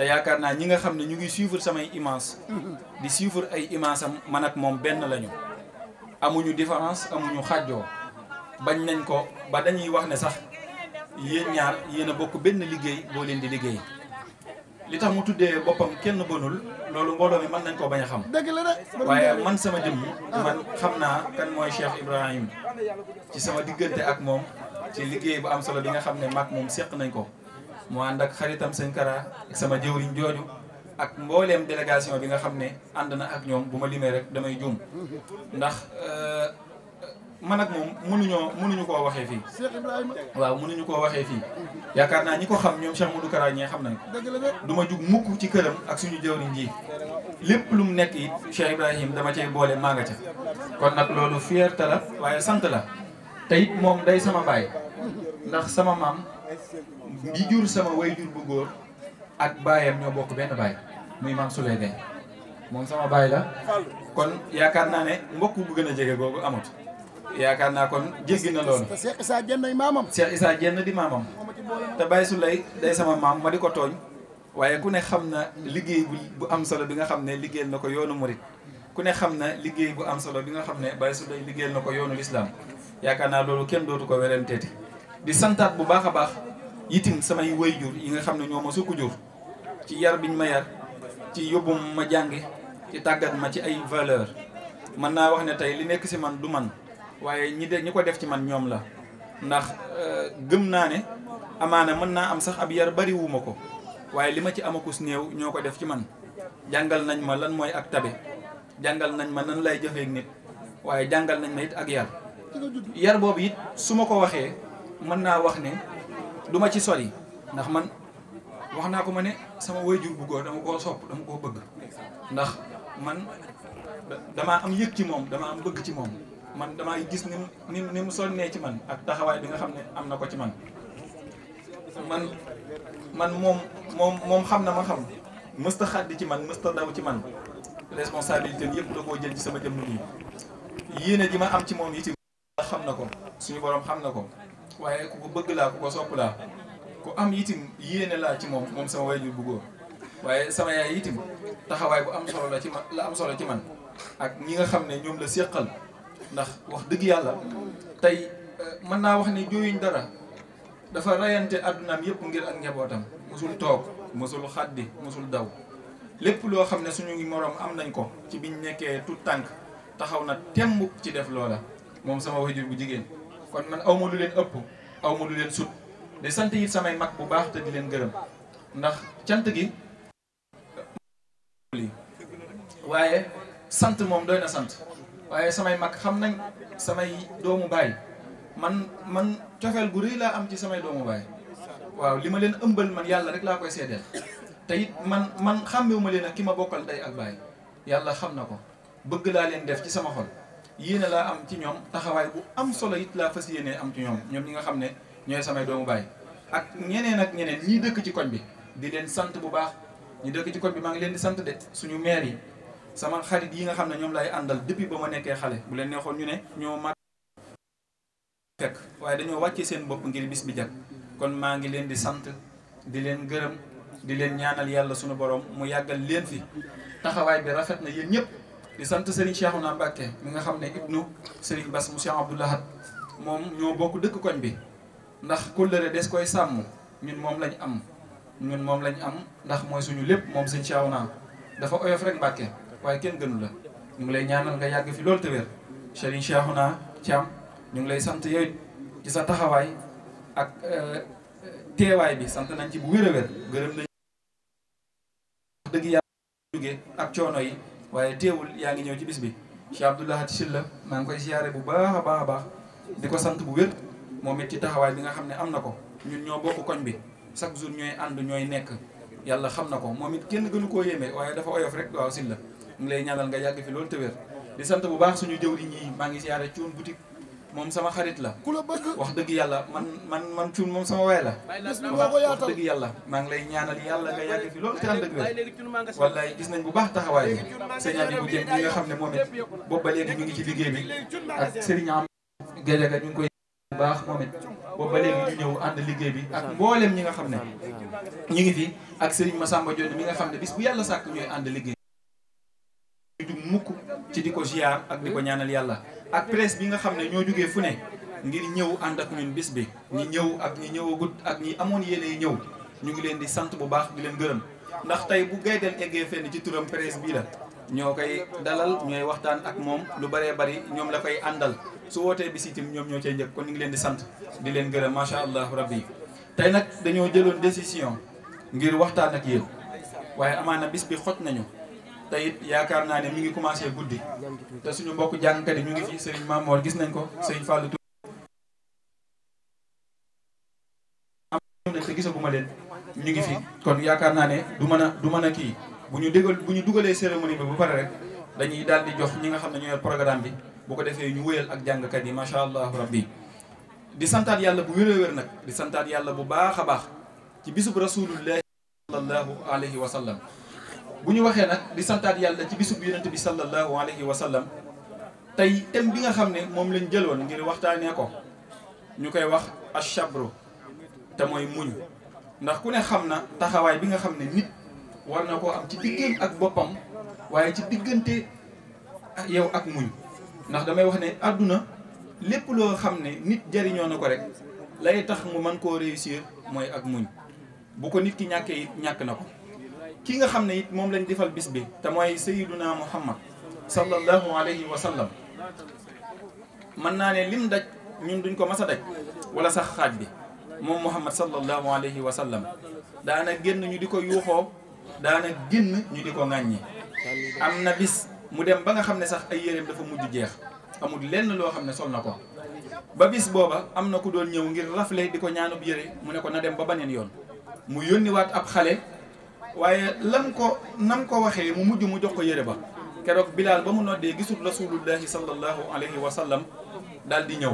Speaker 2: te yaakaar naa ñi nga xam ne ñu ngi suivre samay image di suivre ay image am man ak moom benn lañu amuñu différence amuñu xàjjoo bañ nañ ko ba dañuy wax ne sax yéen ñaar yéen a bokk benn liggéey boo leen di liggéey li tax mu tuddee boppam kenn bonul loolu mbooloo mi mën nañ koo bañ a xam.
Speaker 7: dëgg la waaye man sama jëmm.
Speaker 2: Ah. man xam naa kan mooy Cheikh Ibrahim ci sama diggante ak moom ci liggéey bu am solo bi nga xam ne maak moom seq nañ ko. mu anda ak xaritam senkara sama jëwriñ jooju ak mbollem delegation bi nga xamne ne na ak ñom buma limé rek damay joom ndax euh, man ak moom mënuñoo mënuñu fi cheikh ibrahim waaw mënuñu koo waxé fi yaakaar naa ñi xam ñom Cheikh Modou Kara ñi xam nañ duma jug mukk ci kërëm ak suñu jëwriñ ji lepp lu mu nekk Cheikh Ibrahim dama cey bolé maa nga ca kon nak lolu fier la waye sante la tayit mom day sama bay ndax sama mam gi jur sama way jur bu góor ak baayam ñoo bokk benn baay muy maam Souley Gaye moom sama baay la kon yaakaar naa ne mbokk bu gën a jege googu amut yaakaar naa kon jéggi na loolu.
Speaker 7: Cheikh Issa Diène di maamam. Cheikh Issa
Speaker 2: Diène di maamam te bàyyi Souley day sama maam ma di ko tooñ waaye ku ne xam na liggéey bu am solo bi nga xam ne liggéeyal na ko yoonu murit ku ne xam na liggéey bu am solo bi nga xam ne Baye Souley liggéeyal na ko yoonu lislaam yaakaar naa loolu kenn dootu ko werenteeti di santaat bu baax a baax yitim samay jur yi nga xam ne ñoo ma sukk jur ci yar biñ ma yar ci yóbbum ma jànge ci tàggat ma ci ay valeur mën naa wax ne tey li nekk si man du man waaye ñi de ñi ko def ci man ñoom la ndax euh, gëm naa ne amaana mën naa am sax ab yar bariwuma ko waaye li ma ci amakus néew ñoo ko def ci man jàngal nañ ma lan mooy ak tabe jàngal nañ ma nan lay jëfee nit waaye jàngal nañ ma it ak yar yar boobu it su ma ko waxee mën naa wax ne duma ma ci sori ndax man wax naa ko ma ne sama wayjur bu góor dama koo sopp dama koo bëgg ndax man damaa am yëg ci moom dama am bëgg ci moom man damaa gis ni ni ni mu sonnee ci man ak taxawaay bi nga xam ne am na ko ci man man man moom moom moom xam na ma xam mësta xàddi ci man mësta daw ci man responsabilité bi yëpp da jël ci sama jëmm nii yéene ji ma am ci moom itam xam na ko suñu boroom xam na ko waaye ku ko bëgg laa ku ko sopp laa ku am yitim yéene laa ci moom moom sama waajur bu góor waaye sama yaay yitim taxawaay bu am solo la ci man la am solo ci man ak ñi nga xam ne ñoom la séqal ndax wax dëgg yàlla tey euh, mën naa wax ne jooyuñ dara dafa reyante addunaam yëpp ngir ak njabootam mosul toog mosul xaddi mosul daw lépp loo xam ne suñu ngi moroom am nañ ko ci biñ nekkee tout tànk taxaw na temb ci def loola moom sama waajur bu jigéen kon man aw ma lu leen ëpp aw ma lu leen sut di sant it samay mag bu baax te di leen gërëm ndax cant gi waaye sant moom doy na sant waaye samay mag xam nañ samay doomu baay man man cofeel gu rëy laa am ci samay doomu baay waaw li ma leen ëmbal man yàlla rek laa koy seedeel tey it man man xàmmewu ma leen ak ki ma bokkal day ak baay yàlla xam na ko bëgg laa leen def ci sama xol yéene laa am ci ñoom taxawaay bu am solo it laa fas yéenee am ci ñoom ñoom ñi nga xam ne ñooy samay doomu baay ak ñeneen ak ñeneen ñii dëkk ci koñ bi di leen sant bu baax ñi dëkk ci koñ bi maa ngi leen di sant de suñu maire yi sama xarit yi nga xam ne ñoom laay àndal depuis ba ma nekkee xale bu leen neexoon ñu ne ñoo mat fekk waaye dañoo wàccee seen bopp ngir bis bi jag kon maa ngi leen di sant di leen gërëm di leen ñaanal yàlla suñu borom mu yàggal leen fi taxawaay bi rafet na yéen ñëpp di sant Serigne naa Mbacké mi nga xam ne ibnu Serigne Bass mu Cheikh Abdou Lahad moom ñoo bokk dëkk koñ bi ndax kóllëre des koy sàmm ñun moom lañ am ñun moom lañ am ndax mooy suñu lépp moom sëñ Cheikhouna dafa oyof rek Mbacké waaye kenn gënu la ñu ngi lay ñaanal nga yàgg fi loolu te wér Serigne Cheikhouna Thiam ñu ngi lay sant yooyu ci sa taxawaay ak euh, teewaay bi sant nañ ci bu wér a wér gërëm nañ dëgg yàlla jóge ak coono yi waaye teewul yaa ngi ñëw ci bis bi Cheikh Abdoulahat Sylla maa ngi koy siyaare bu baax a baax a baax di ko sant bu wér moom it ci taxawaay bi nga xam ne am na ko ñun ñoo bokk koñ bi chaque jour ñooy ànd ñooy nekk yàlla xam na ko moom it kenn gënu koo yéeme waaye dafa oyof rek waaw Sylla mu ngi lay ñaanal nga yàgg fi loolu te di sant bu baax suñu jëwriñ yi maa ngi siyaare cuun boutique moom sama xarit la. ku la bëgg wax dëgg yàlla man man man cuun moom sama waay la.
Speaker 7: wax dëgg
Speaker 2: yàlla maa ngi lay ñaanal yàlla nga yàgg fi loolu te ànd ak wér. wallaay gis nañ bu baax taxawaay bi sëñ Abibou Dieng bi nga xam ne moom it boobu ba léegi ñu ngi ci liggéey bi ak Serigne Am Gajaga ñu ngi koy bu baax moom it boobu ba léegi ñëw ànd liggéey bi ak mboolem ñi nga xam ne ñu ngi fi ak Serigne Massamba Dione mi nga xam ne bis bu yàlla sàkk ñooy ànd liggéey. mukk ci di ko ziar ak di ko ñaanal yàlla ak presse bi nga xam ne ñoo jógee fu ne ngir ñëw ànd ak ñun bis bi ñi ñëw ak ñi ñëwagut ak ñi amoon yéene ñëw ñu ngi leen di sant bu baax di leen gërëm ndax tey bu Gaydel eggee fenn ci turam presse bii la ñoo koy dalal ñooy waxtaan ak moom lu bëree bari ñoom la koy àndal su wootee bis itam ñoom ñoo cay njëkk kon ñu ngi leen di sant di leen gërëm macha allah rabbi tey nag dañoo jëloon décision ngir waxtaan ak yéen waaye amaana bis bi xoj nañu tayit yaakar yaakaar ne mi ngi commencé goudi te suñu mbokk jankat yi ñu ngi fi Serigne mamour gis nañ ko Serigne fallu tu am nañ te gisaguma len ñu ngi fi kon yaakar naa ne du meuna du meuna ki kii bu ñu dégal bu ñu dugalee cérémonie bi bu paré rek dañuy dal di jox ñi nga xam ñoy programme bi bu ko défé ñu wëyel ak jàngkat yi ma sha allah rabbi di santat yalla bu wëré wër nak di santat yalla bu baaxa baax ci bisub rasulullah sallallahu alayhi wa sallam bu ñu waxee nag di santaat yàlla ci bisub yonent bi sallallahu alayhi wa sallam tey tem bi nga xam ne moom lañ jëloon ngir waxtaanee ko ñu koy wax ashabru te mooy muñ ndax ku ne xam na taxawaay bi nga xam ne nit war na ko am ci diggante ak boppam waaye ci diggante yow ak muñ ndax damay wax ne àdduna lépp loo xam ne nit jariñoo na ko rek lay tax mu mën koo réussir mooy ak muñ bu ko nit ki ñàkkee it ñàkk na ko ki nga xam ne it moom lañ defal bis bi te mooy sayyiduna muhammad sallallahu alayhi wa sallam mën naa ne lim daj ñun duñ ko mas a daj wala sax xaaj bi moom muhammad sallallahu alayhi wa sallam daana génn ñu di ko yuuxoo daana génn ñu di ko ŋàññi bis mu dem ba nga xam sax ay yéreem dafa mujj jeex amul lenn loo xam sol na ba bis booba am ku doon ñëw ngir rafle di ko yére mu ne ko na dem ba baneen yoon mu yónniwaat ab xale waaye lam ko nam ko waxee mu mujj mu jox ko yére ba keroog bilaal ba mu noddee gisul rasulullahi sallallahu alayhi wa sallam daal di ñëw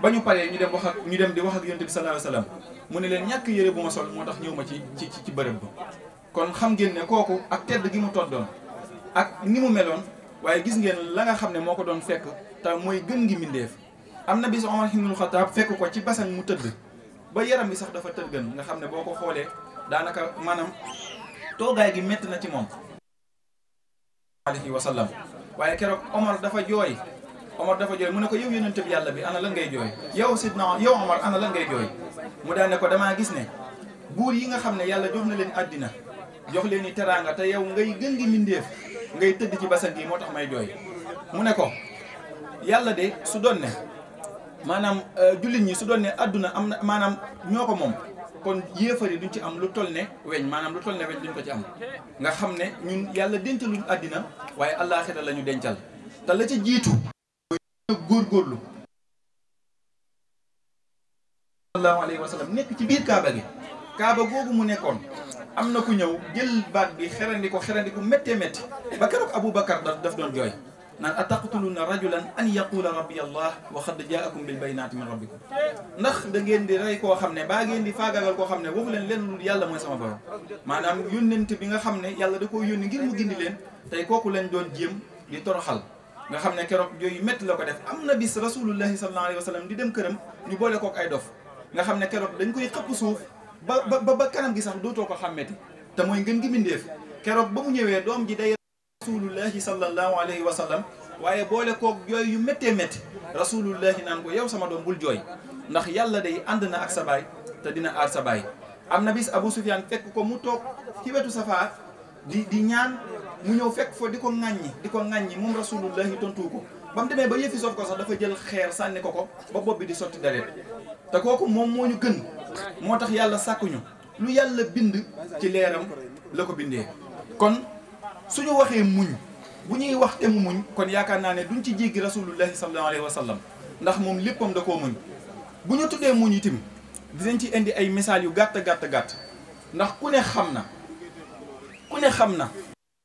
Speaker 2: ba ñu paree ñu dem wax ak ñu dem di wax ak yonte bi sallallahu alayhi mu ne leen ñàkk yére bu ma sol moo tax ñëw ma ci ci ci bërëb ba kon xam ngeen ne kooku ak tedd gi mu toddoon ak ni mu meloon waaye gis ngeen la nga xam ne moo ko doon fekk te mooy gën ngi mbindeef am na bis Omar ibnul Xataab fekk ko ci basan mu tëdd ba yaram bi sax dafa tëggan nga xam ne boo ko xoolee daanaka maanaam toogaay gi metti na ci moom alayhi wa sallam waaye keroog Omar dafa jooy Omar dafa jooy mu ne ko yow yonent bi yàlla bi ana lan ngay jooy yow sidna yow Omar ana lan ngay jooy mu daal ne ko damaa gis ne buur yi nga xam ne yàlla jox na leen àddina jox leen i teraanga te yow ngay gën gi mindeef ngay tëdd ci basan gi moo tax may jooy mu ne ko yàlla de su doon ne maanaam euh, jullit ñi su doon ne àdduna am na maanaam ñoo ko moom kon yéefar yi duñ ci am lu toll ne weñ maanaam lu toll ne weñ duñ ko ci am nga xam ne ñun yàlla dencaluñ àddina waaye àllaaxira la ñu dencal te la ca jiitu góor góorgóorlu sallallahu alayhi wa sallam nekk ci biir kaaba gi kaaba googu mu nekkoon am na ku ñëw jël baat bi xerandi ko xerandi ku méttee métti ba abu Aboubacar daf doon jooy naan ataqtuluna rajulan an yaqula rabbi allah wa xad jaakum bil baynaati min rabbikum ndax da ngeen di rey koo xam ne baa ngeen di faagaagal koo xam ne waxu leen leen lu yàlla mooy sama borom maanaam yónnent bi nga xam ne yàlla da koo yónni ngir mu gindi leen tey kooku leen doon jéem di toroxal nga xam ne keroog yooyu métti la ko def am na bis rasulullahi sallallahu alayhi wa di dem këram ñu boole kook ay dof nga xam ne dañ koy xëpp suuf ba ba ba kanam gi sax dootoo ko xàmmeti te mooy ngën gi mbindeef keroog ba mu ñëwee doom ji day rasulullahi sallallahu alayhi wa sallam waaye boole koog jooy yu méttee métti rasulullahi naan ko yow sama doom bul jooy ndax yàlla day ànd na ak sa baay te dina aar sa baay am na bis Abu Sufyaan fekk ko mu toog ci wetu Safaa di di ñaan mu ñëw fekk foo di ko ŋàññi di ko ŋàññi moom rasulullahi tontu ko ba demee ba yëfi soof ko sax dafa jël xeer sànni ko ko ba bopp bi di sotti dareet te kooku moom moo ñu gën moo tax yàlla sàkkuñu lu yàlla bind ci leeram la ko bindee suñu waxee muñ bu ñuy wax te mu muñ kon yaakaar naa ne duñ ci jéggi rasulullahi sallallahu alayhi wa sallam ndax moom léppam da koo muñ bu ñu tuddee muñ itam dinañ ci indi ay misaal yu gàtt gàtt gàtt ndax ku ne xam na ku xam na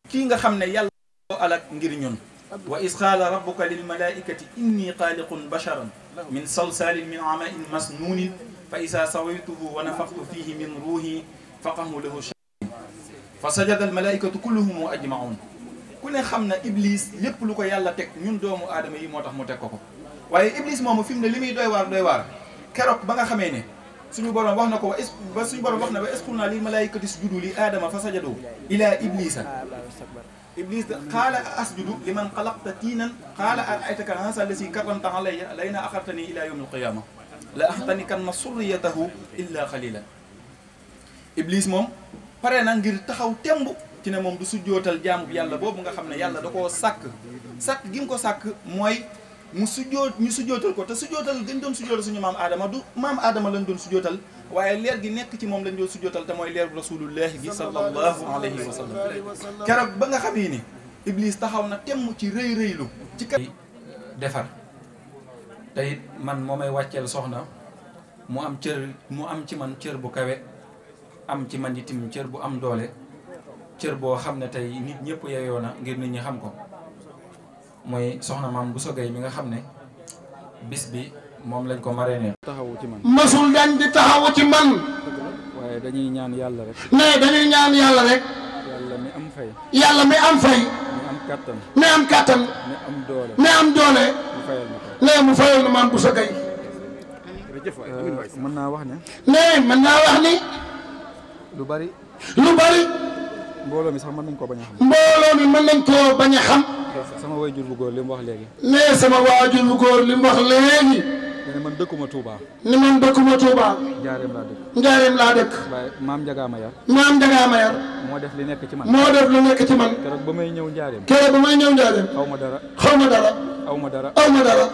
Speaker 2: kii nga xam ne yàlla alak ngir ñun wa is qaala rabbuka lil malaikati inni xaaliqun basharan min salsalin min amain masnuunin fa isa sawaytuhu wa nafaxtu fihi min ruuhi faqahu lahu fa sajada al malaikatu kulluhum ajmaun ku ne xam na iblis lépp lu ko yàlla teg ñun doomu aadama yi moo tax mu teg ko ko waaye iblis moomu fi mu ne li muy doy waar doy waar keroog ba nga xamee ne suñu borom wax na ko ba suñu borom wax na ba esqul naa li malaikati sujudu li aadama fa sajadu ila iblisa iblis qaala asjudu liman xalaqta tiinan qaala araaytaka haasa allasi karramta alayya lay na axartani ila yawmi alqiyama la axtanikanna surriyatahu illa xalilan iblis moom pare na ngir taxaw temb ci ne moom du sujjootal jaamub yàlla boobu nga xam ne yàlla da koo sàkk sàkk gi mu ko sàkk mooy mu sujjoot ñu sujjootal ko te sujjootal gën doon sujjootal suñu maam aadama du maam aadama lañ doon sujjootal waaye leer gi nekk ci moom lañ doon sujjootal te mooy leer bu rasulullahi bi sallallahu alayhi wa sallam keroog ba nga xam yi ni iblis taxaw na temm ci rëy rëylu ci ka defar te man moo may wàcceel soxna mu am cër mu am ci man cër bu kawe am ci man itam cër bu am doole cër boo xam ne tey nit ñëpp yeyoo ngir nit ñi xam ko mooy soxna maam bu sogay mi nga xam ne bis bi moom lañ ko marraine. taxawu ci man masul dañ di taxawu ci man. dañuy ñaan
Speaker 3: yàlla rek.
Speaker 7: mais dañuy ñaan yàlla rek.
Speaker 3: yàlla mi am fay. yàlla mi am kàttan.
Speaker 7: mi am kàttan. mi am doole. mais mu fayal ma bu sogay. mën wax ne. mais mën naa wax ni.
Speaker 2: lu bari. lu bari. mbooloo mi sax mën nañ koo bañ a xam. mbooloo mi mën nañ koo bañ a xam. sama waajur bu góor li mu wax léegi. nee sama waajur bu góor li mu wax léegi. ne man dëkkuma tuubaa ne man dëkkuma Touba. Njaareem laa dëkk. Njaareem laa dëkk. waaye maam Njaga ma yar. maam Njaga ma moo def li nekk ci man. moo def lu nekk ci man. keroog ba may ñëw Njaareem. keroog ba may ñëw Njaareem. xaw ma dara. xaw ma dara. aw ma dara. aw ma dara.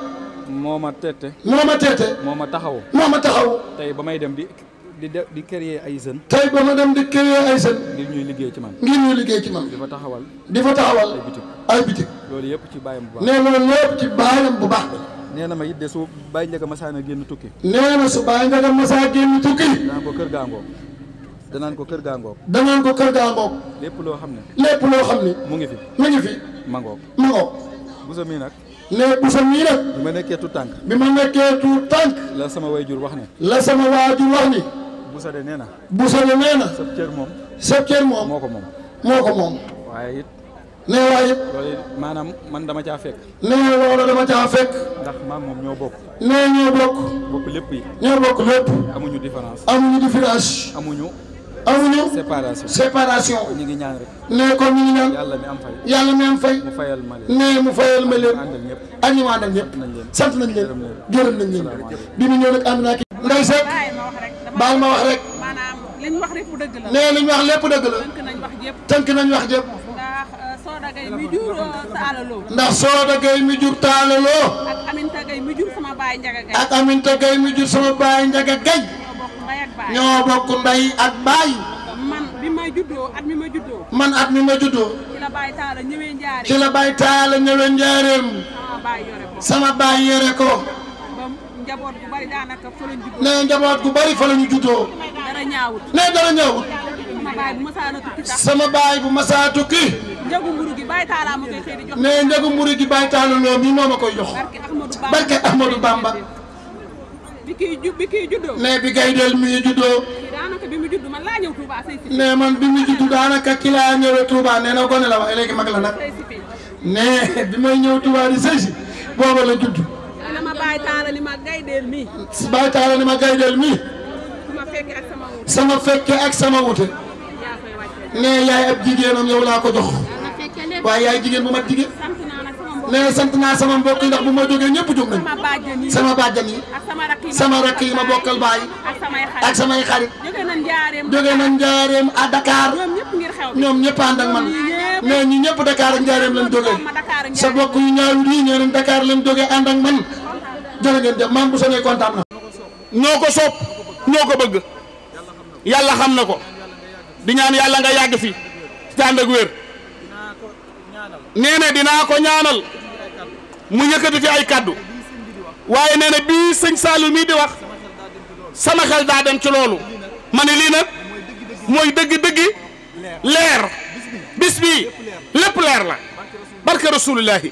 Speaker 2: moo ma tette. moo ma tette. moo ma taxaw. moo ma taxaw. tey ba may dem di. di de di créer ay jeunes. tey ba ma dem di créer ay jeunes. ngir ñuy liggéey ci man. ngir ñuy liggéey ci man. di fa taxawal. di fa taxawal ay bitik. ay bitik. loolu yëpp ci bàyyam bu baax. nee loolu yëpp ci bàyyam bu baax. nee na ma it de su bàyyi génn tukki. nee na su bàyyi njëkk a masaana génn tukki. danaan ko kër gaangoo. danaan ko kër gaangoo. danaan ko kër gaangoo. lépp loo xam ne. lépp loo xam ne. mu ngi fi. mu ngi fi. mangoo. mangoo. buso mii nag. ne bu sa nag. bi ma nekkee tuut tànk. bi ma nekkee tuut tànk. la sama waajur wax ne. la sama waajur wax ni. Bousso de nee nee
Speaker 7: na. sab cër moom. sab cër moom moo ko moom. moo ko moom. waaye it. nee waaye
Speaker 2: maanaam man dama caa fekk. nee loolu dama caa fekk. ndax maam moom ñoo bokk. nee ñoo bokk. bokk lépp yi. ñoo bokk lépp. amuñu différence. amuñu différence. amuñu. amuñu séparation séparation. ñu ngi ñaan rek. nee kon ñu ngi ñaan. yàlla mi am fay. am fay. mu fayal ma leen. nee mu fayal ma leen.
Speaker 7: ak ñi ma ñëpp. sant nañ leen. gërëm nañ leen. bi mu ñëw nag ànd naa ki. Ndeye Seck. baal ma wax rek.
Speaker 4: li ñu wax lépp la. nee li wax lépp dëgg la. tënk nañ wax
Speaker 7: jëpp. nañ wax jëpp.
Speaker 4: Euh, euh, ndax Soda Gueye mi jur taalaloo. ndax Soda Gueye mi jur ak mi jur sama baay Njaga Gueye. mi
Speaker 7: sama baay Njaga Gueye. ñoo bokk mbay ak baay.
Speaker 4: man bi ma juddoo at mi ma juddoo.
Speaker 7: man at ma juddoo. ci la baay taala ñëwee njaareem. sama baay yore ko. sama baay yore ko. njaboot
Speaker 4: gu bari daanaka fa lañ juddoo. nee njaboot
Speaker 7: gu bari fa lañ juddoo.
Speaker 4: dara ñaawut. nee dara ñaawut.
Speaker 7: sama baay bu masaana tukki sax. sama
Speaker 4: baay bu ma koy xëy di jox. nee njëgu mburu
Speaker 7: gi bàyyi taala loo mii moo ma koy jox. barke Ahmadou Bamba barke
Speaker 4: bi kiy ju bi kiy juddoo. nee bi kay del mi juddoo. daanaka bi mu judd man laa
Speaker 7: bi mu judd daanaka ki laa ñëwee Touba nee na gone la wax léegi mag la nag. nee bi may ñëw Touba di sëy si la judd.
Speaker 4: baay taala ni ma
Speaker 7: gaydeel mi sama fekke ak sama wute nee yaay ab jigéenam yow laa ko jox
Speaker 5: waaye yaay jigéen bu mat jigéen nee sant
Speaker 7: sama mbokk ndax bu ma jógee ñëpp jóg nañ
Speaker 5: sama bàjjan
Speaker 4: sama rakk ma bokkal baay ak samay xarit jóge nañ
Speaker 3: njaareem à Dakar
Speaker 4: ñoom ñëpp ànd ak man nee ñi ñëpp Dakar ak lañ
Speaker 7: jógee sa bokk yu ñaaw Dakar lañ ak man jërë ngeen jëf ñoo ko sopp ñoo ko bëgg yàlla xam na ko di ñaan yàlla nga yàgg fi ci ànd wér nee na ko ñaanal mu yëkkati fi ay kàddu waaye nee na bii sëñ Saalum mii di wax sama xel daa dem ci loolu ma ne lii nag mooy dëgg-dëggi leer bis lépp leer la barke rasulullahi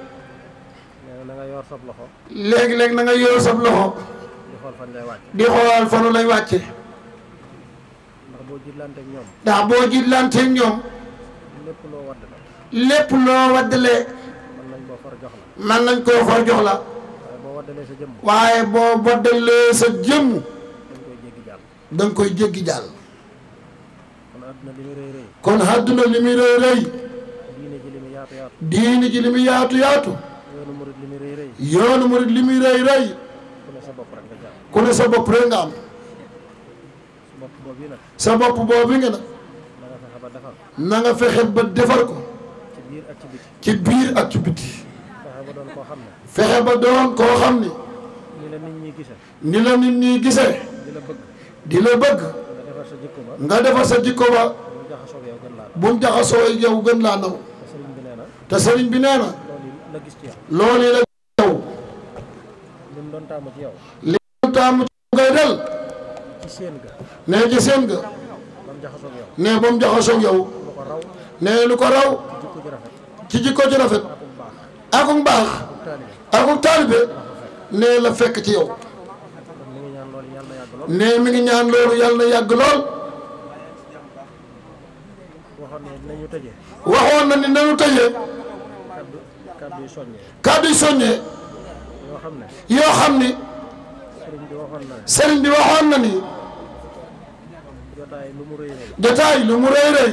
Speaker 3: léeg-léeg na nga yor sab loxo. léeg-léeg na nga yor sab loxo. di xool fan lay wàcce. di fanu lay wàcce. ndax boo jiitlanteeg ñoom.
Speaker 7: ndax boo jiitlanteeg ñoom. lépp loo waddale. lépp loo waddale.
Speaker 3: mën nañ koo far jox la. mën nañ koo far jox la.
Speaker 7: waaye boo waddalee sa jëmm. waaye boo waddalee da koy jéggi jàll.
Speaker 3: kon àdduna li muy rëy rëy.
Speaker 7: ji li muy yaatu yaatu. yoonu murid li muy rëy rëy ku ne sa bopp rek nga am sa bopp boobu nga nag na nga fexe ba defar ko ci biir ak ci biti fexe ba doon koo xam ni ni la nit ñi gisee di la bëgg nga defar sa jikko ba bu mu jaxasoo yow gën laa naw te sëriñ bi nee na loolu la mu doon taamu ci yow. li mu doon taamu ci yow ngay dal. ci seen ga. nee ci seen ga. lu ko raw. ci jikko ji rafet. akum baax. akum taalibe. nee la fekk ci yow. nee mi ngi ñaan loolu yàlla na yàgg lool. waxoon na ni nañu tëjee. kàddu soññee. yoo xam ni sëriñ bi waxoon na ni jotaay lu mu rëy rëy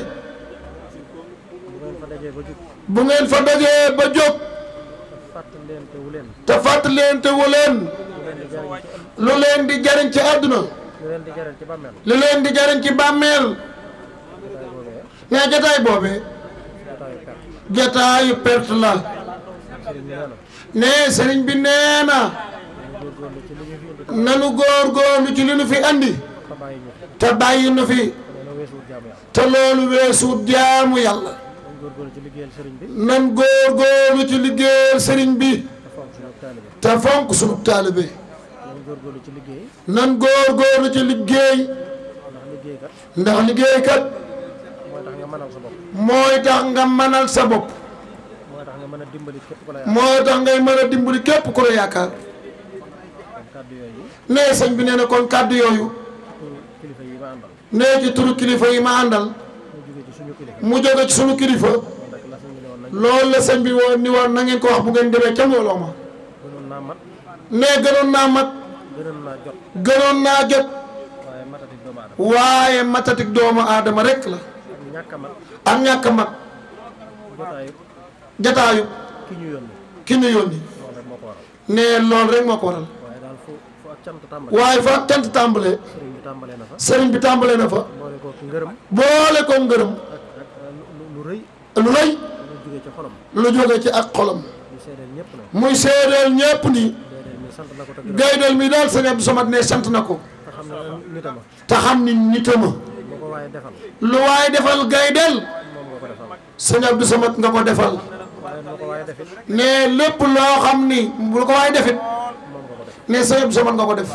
Speaker 7: bu ngeen fa dajee ba jóg
Speaker 3: te wu leen lu leen di jariñ ci àdduna lu
Speaker 7: leen di jariñ ci bàmmeel ne jotaay boobee jotaayu perte la nee sëriñ bi nee na nanu góorgóorlu ci li nu fi andi te bàyyi nu fi te loolu weesu jaamu yàlla nan góorgóorlu ci liggéeyal sëriñ bi te fonk sunu taalibe nan góorgóorlu ci liggéey ndax liggéeykat mooy tax nga mënal sa bopp. moo tax ngay mën a dimbali képp ku la yaakaar nee sëñ bi nee kon kàddu yooyu nee ci turu kilifa yi ma andal mu jóge ci sunu kilifa loolu la sëñ bi woon ni na ngeen ko wax bu ngeen demee ca mbooloo ma nee gënoon naa mat gënoon naa jot waaye matatik rek la ak mat jataayu ki ñu yónni ki ñu yónni ne loolu rek moo ko waral
Speaker 3: waaye fa ak cant
Speaker 7: tàmbalee sëriñ bi tàmbalee na fa boole ko ngërëm lu rëy lu ci ak xolam muy ni mi sant xam ni nitama lu defal gaydeel sëriñ Abdou Samad nga ko defal ne lepp lo xamni bu ko way defit ne sa yëpp sa nga ko def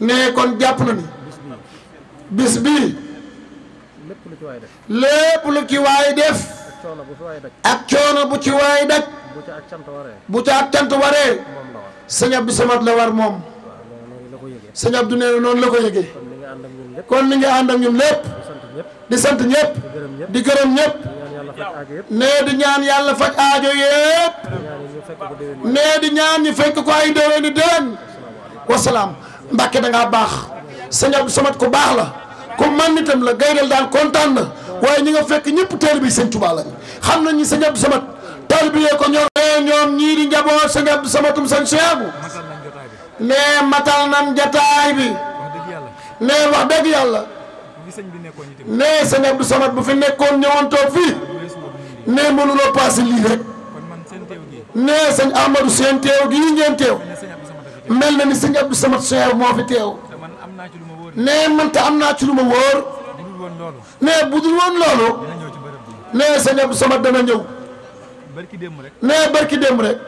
Speaker 7: ne kon japp na ni bis bi lepp lu ci way def ak coono bu ci way daj bu ci ak cant waré sëñ Abdou Samad la war mom sëñ Abdou neul non la ko yegge kon ni nga and ak ñun lepp di sant ñepp di gërem ñepp nee di ñaan yàlla faj aajo yëpp nee di ñaan ñu fekk ko ay déwéni déen wasalaam mbàkke da ngaa baax sëñ Abdou Samad ku baax la ku man itam la gaydal daan kontaan na waaye ñi nga fekk ñëpp teel bi sëñ Tuubaa lañ xam nañ ni sëñ Abdou Samad ko ñor ñoom ñii di njaboot sëñ Abdou Samatum sëñ Seebu nee matal nan jataay bi nee wax dëgg yàlla nee sëñ Abdou Samad bu fi nekkoon ñëwoon toog fii mais mënuloo paase lii rek nee sëñ Amadou seen teew gii ngeen teew mel na ni sëñ Abdou Samad Cheikh moo fi teew nee man am naa ci lu ma wóor nee bu dul woon loolu nee sëñ Abdou Samad dana ñëw nee barki démb rek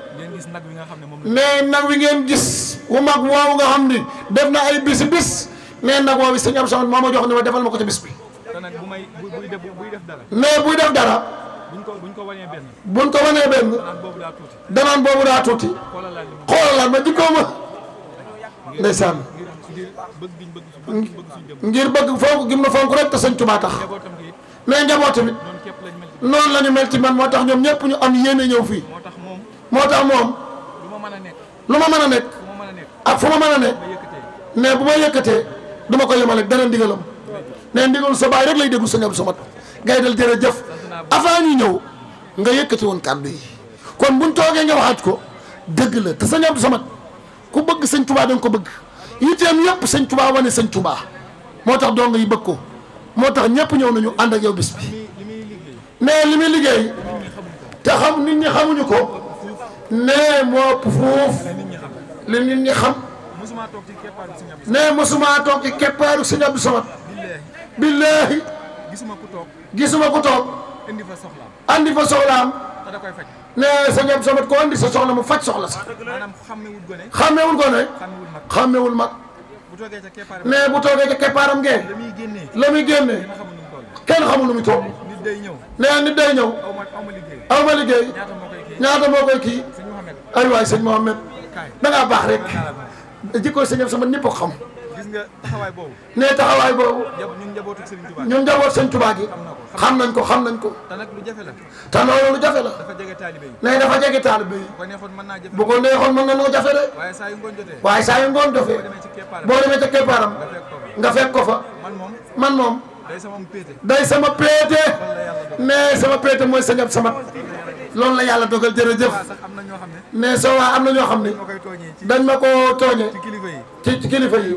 Speaker 7: nee nag wi ngeen gis wu mag woowu nga xam ni def na ay bisi bis nee nag woowu sëñ Abdou Samad moo ma jox ne ma defal ma ko ci bis bi
Speaker 2: nee buy def dara. buñ ko buñ ko wanee benn. buñ ko wanee benn. danaan boobu daa tuuti.
Speaker 7: danaan boobu daa tuuti. xoolalaat ma jikkoo ma. ndeysaan. ngir bëgg fonk gim na fonk rek te sëñ Tuubaa tax. mais njaboot tamit. noonu la ñu mel ci man moo tax ñoom ñëpp ñu am yéene ñëw fii. moo tax moom. lu ma mën a nekk. ak fu ma mën a nekk. mais bu ma yëkkatee. du ma ko yemale dara ndigalam. mais ndigalu sa baay rek lay déglu sa ñoom sa mat. gaydal jëf avant ñu ñëw nga yëkkati woon kàddu yi kon buñ toogee nga waxaat ko dëgg la te sëñ Abdou Samad ku bëgg sëñ Touba da ko bëgg yitteem sëñ Touba wane sëñ Touba moo tax dong yi bëgg ko moo tax ñëpp ñëw nañu ànd ak yow bis bi mais li muy liggéey te xam nit ñi xamuñu ko nee moo ëpp fuuf li nit ñi xam
Speaker 2: nee mosumaa toog ci
Speaker 7: keppaaru sëñ Abdou Samad
Speaker 2: billaahi gisuma ku toog andi fa soxlaam. andi fa soxlaam. te da koy faj.
Speaker 7: nee sa ñoom somat ko andi sa soxla mu faj soxla sax.
Speaker 2: maanaam xàmmewul gone.
Speaker 7: xàmmewul bu toogee ca keppaaram nee bu toogee ca keppaaram gee. la muy génnee la muy génnee. kenn xamul lu muy nit day ñëw. nee nit day ñëw. aw ma aw ma liggéey. aw ma liggéey. ñaata moo koy kii. ay waay sëñ Mohamed. da ngaa baax rek. jikko sëñ sama ñëpp xam. nga
Speaker 2: taxawaay boobu. ne taxawaay boobu. ñun njabootu Serigne Touba ñun njabootu Serigne Touba gi. xam nañ ko xam nañ ko. te nag lu jafe la. te loolu lu jafe la. dafa jege taalibe yi. ne dafa jege taalibe na noo jafe de. waaye saa yu ngoon jotee. waaye saa yu ngoon jotee. boo
Speaker 7: demee ca keppaaram nga fekk ko fa. man moom
Speaker 3: day sama péete. day sama
Speaker 7: péete. mais sama péete sama. loolu la yàlla dogal jërëjëf mais soo waa am na ñoo xam ne dañ ma koo tooñee ci kilifa yi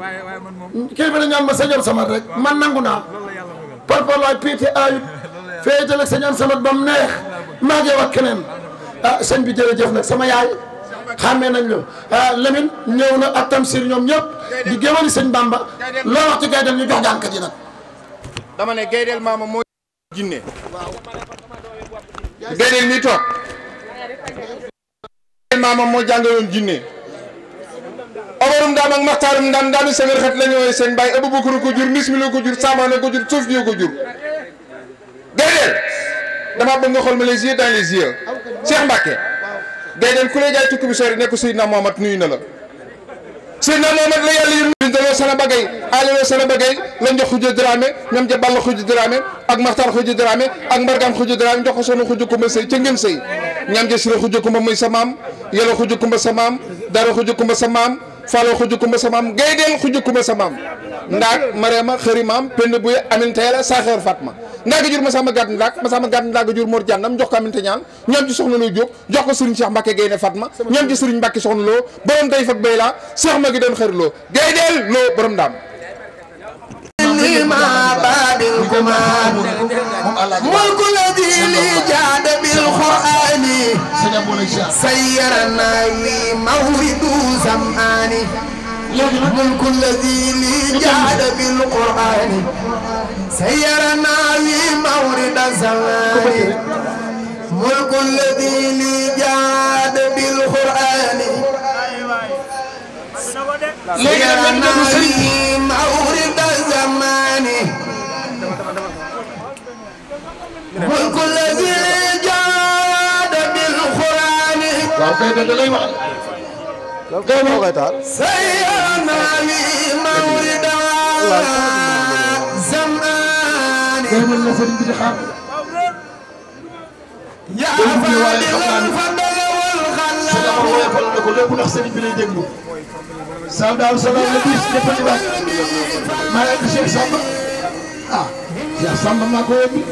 Speaker 7: kilifa dañu am ma sañoon samat rek man nangu naa par rapport waay piite ayut féetale sañoon samat ba mu neex maa wax keneen ah sëñ bi jërëjëf nag sama yaay xàmmee nañ la ah ñëw na ak Tamsir ñoom ñëpp di géwali sëñ Bamba loo wax ci gaydel ñu jox jànkat yi nag dama ne gaydel maama moo jinne beneen mi toog maamam moo jàngaloon jinne omarum ndaam ak maxtaarum ndaam ndaami seen xet la ñëwee seen bàyyi abubakar ko jur nismi ko jur saamaane ko jur suuf dio ko jur déedéet dama bëgg nga xool ma les yeux dans les yeux Cheikh Mbacke déedéet ku lay jaay tukki bi sori nekk Seydina Mohamed nuyu na la Seydina Mohamed la yàlla yónni bi daloo sana bagay aliloo sana bagay la njox xuju Dramé ñoom ja Balla xuju Dramé ak Maxtar xuju Dramé ak Mbargaan xuju Dramé jox ko sonu xuju kumba sëy ca ngeen sëy ñam ja sira xuju kumba muy sa maam yàlla xuju kumba sa dara xuju kumba sa falo xujukuma sa maam gaydel xujukuma sa maam ndaak marema xëri maam pend buye amin tayela saxeer fatma ndaaga ma sama gàtt ndaak ma sama gàtt ndaaga jur mor jànnam jox ko aminte ñaan ñoom ci soxna loo Jóob jox ko sëriñ Cheikh Mbacke gaynde fatma ñoom ci sëriñ Mbacke soxna loo borom day fat bay laa Cheikh ma gi doon xëri loo gaydel loo borom daam ma badil la di li jaada
Speaker 3: القرآن
Speaker 7: سيرنا
Speaker 3: مولد زمان ملك الذي لي جعل بالقرآن
Speaker 7: سيرنا
Speaker 3: مولد زمان ملك الذي لي جعل بالقرآن سيرنا مولد زمان ملك الذي جعل waaw
Speaker 7: kay da lay wax kay moo koy taal
Speaker 3: sayyana li mawrida zamani kay
Speaker 7: mën na sëriñ bi di xaar ya fa ko lépp ndax sëriñ bi lay déglu sam daal salaam la bis ñëpp di baax
Speaker 3: maa ngi Cheikh Samba ah Cheikh Samba maa ko yóbbu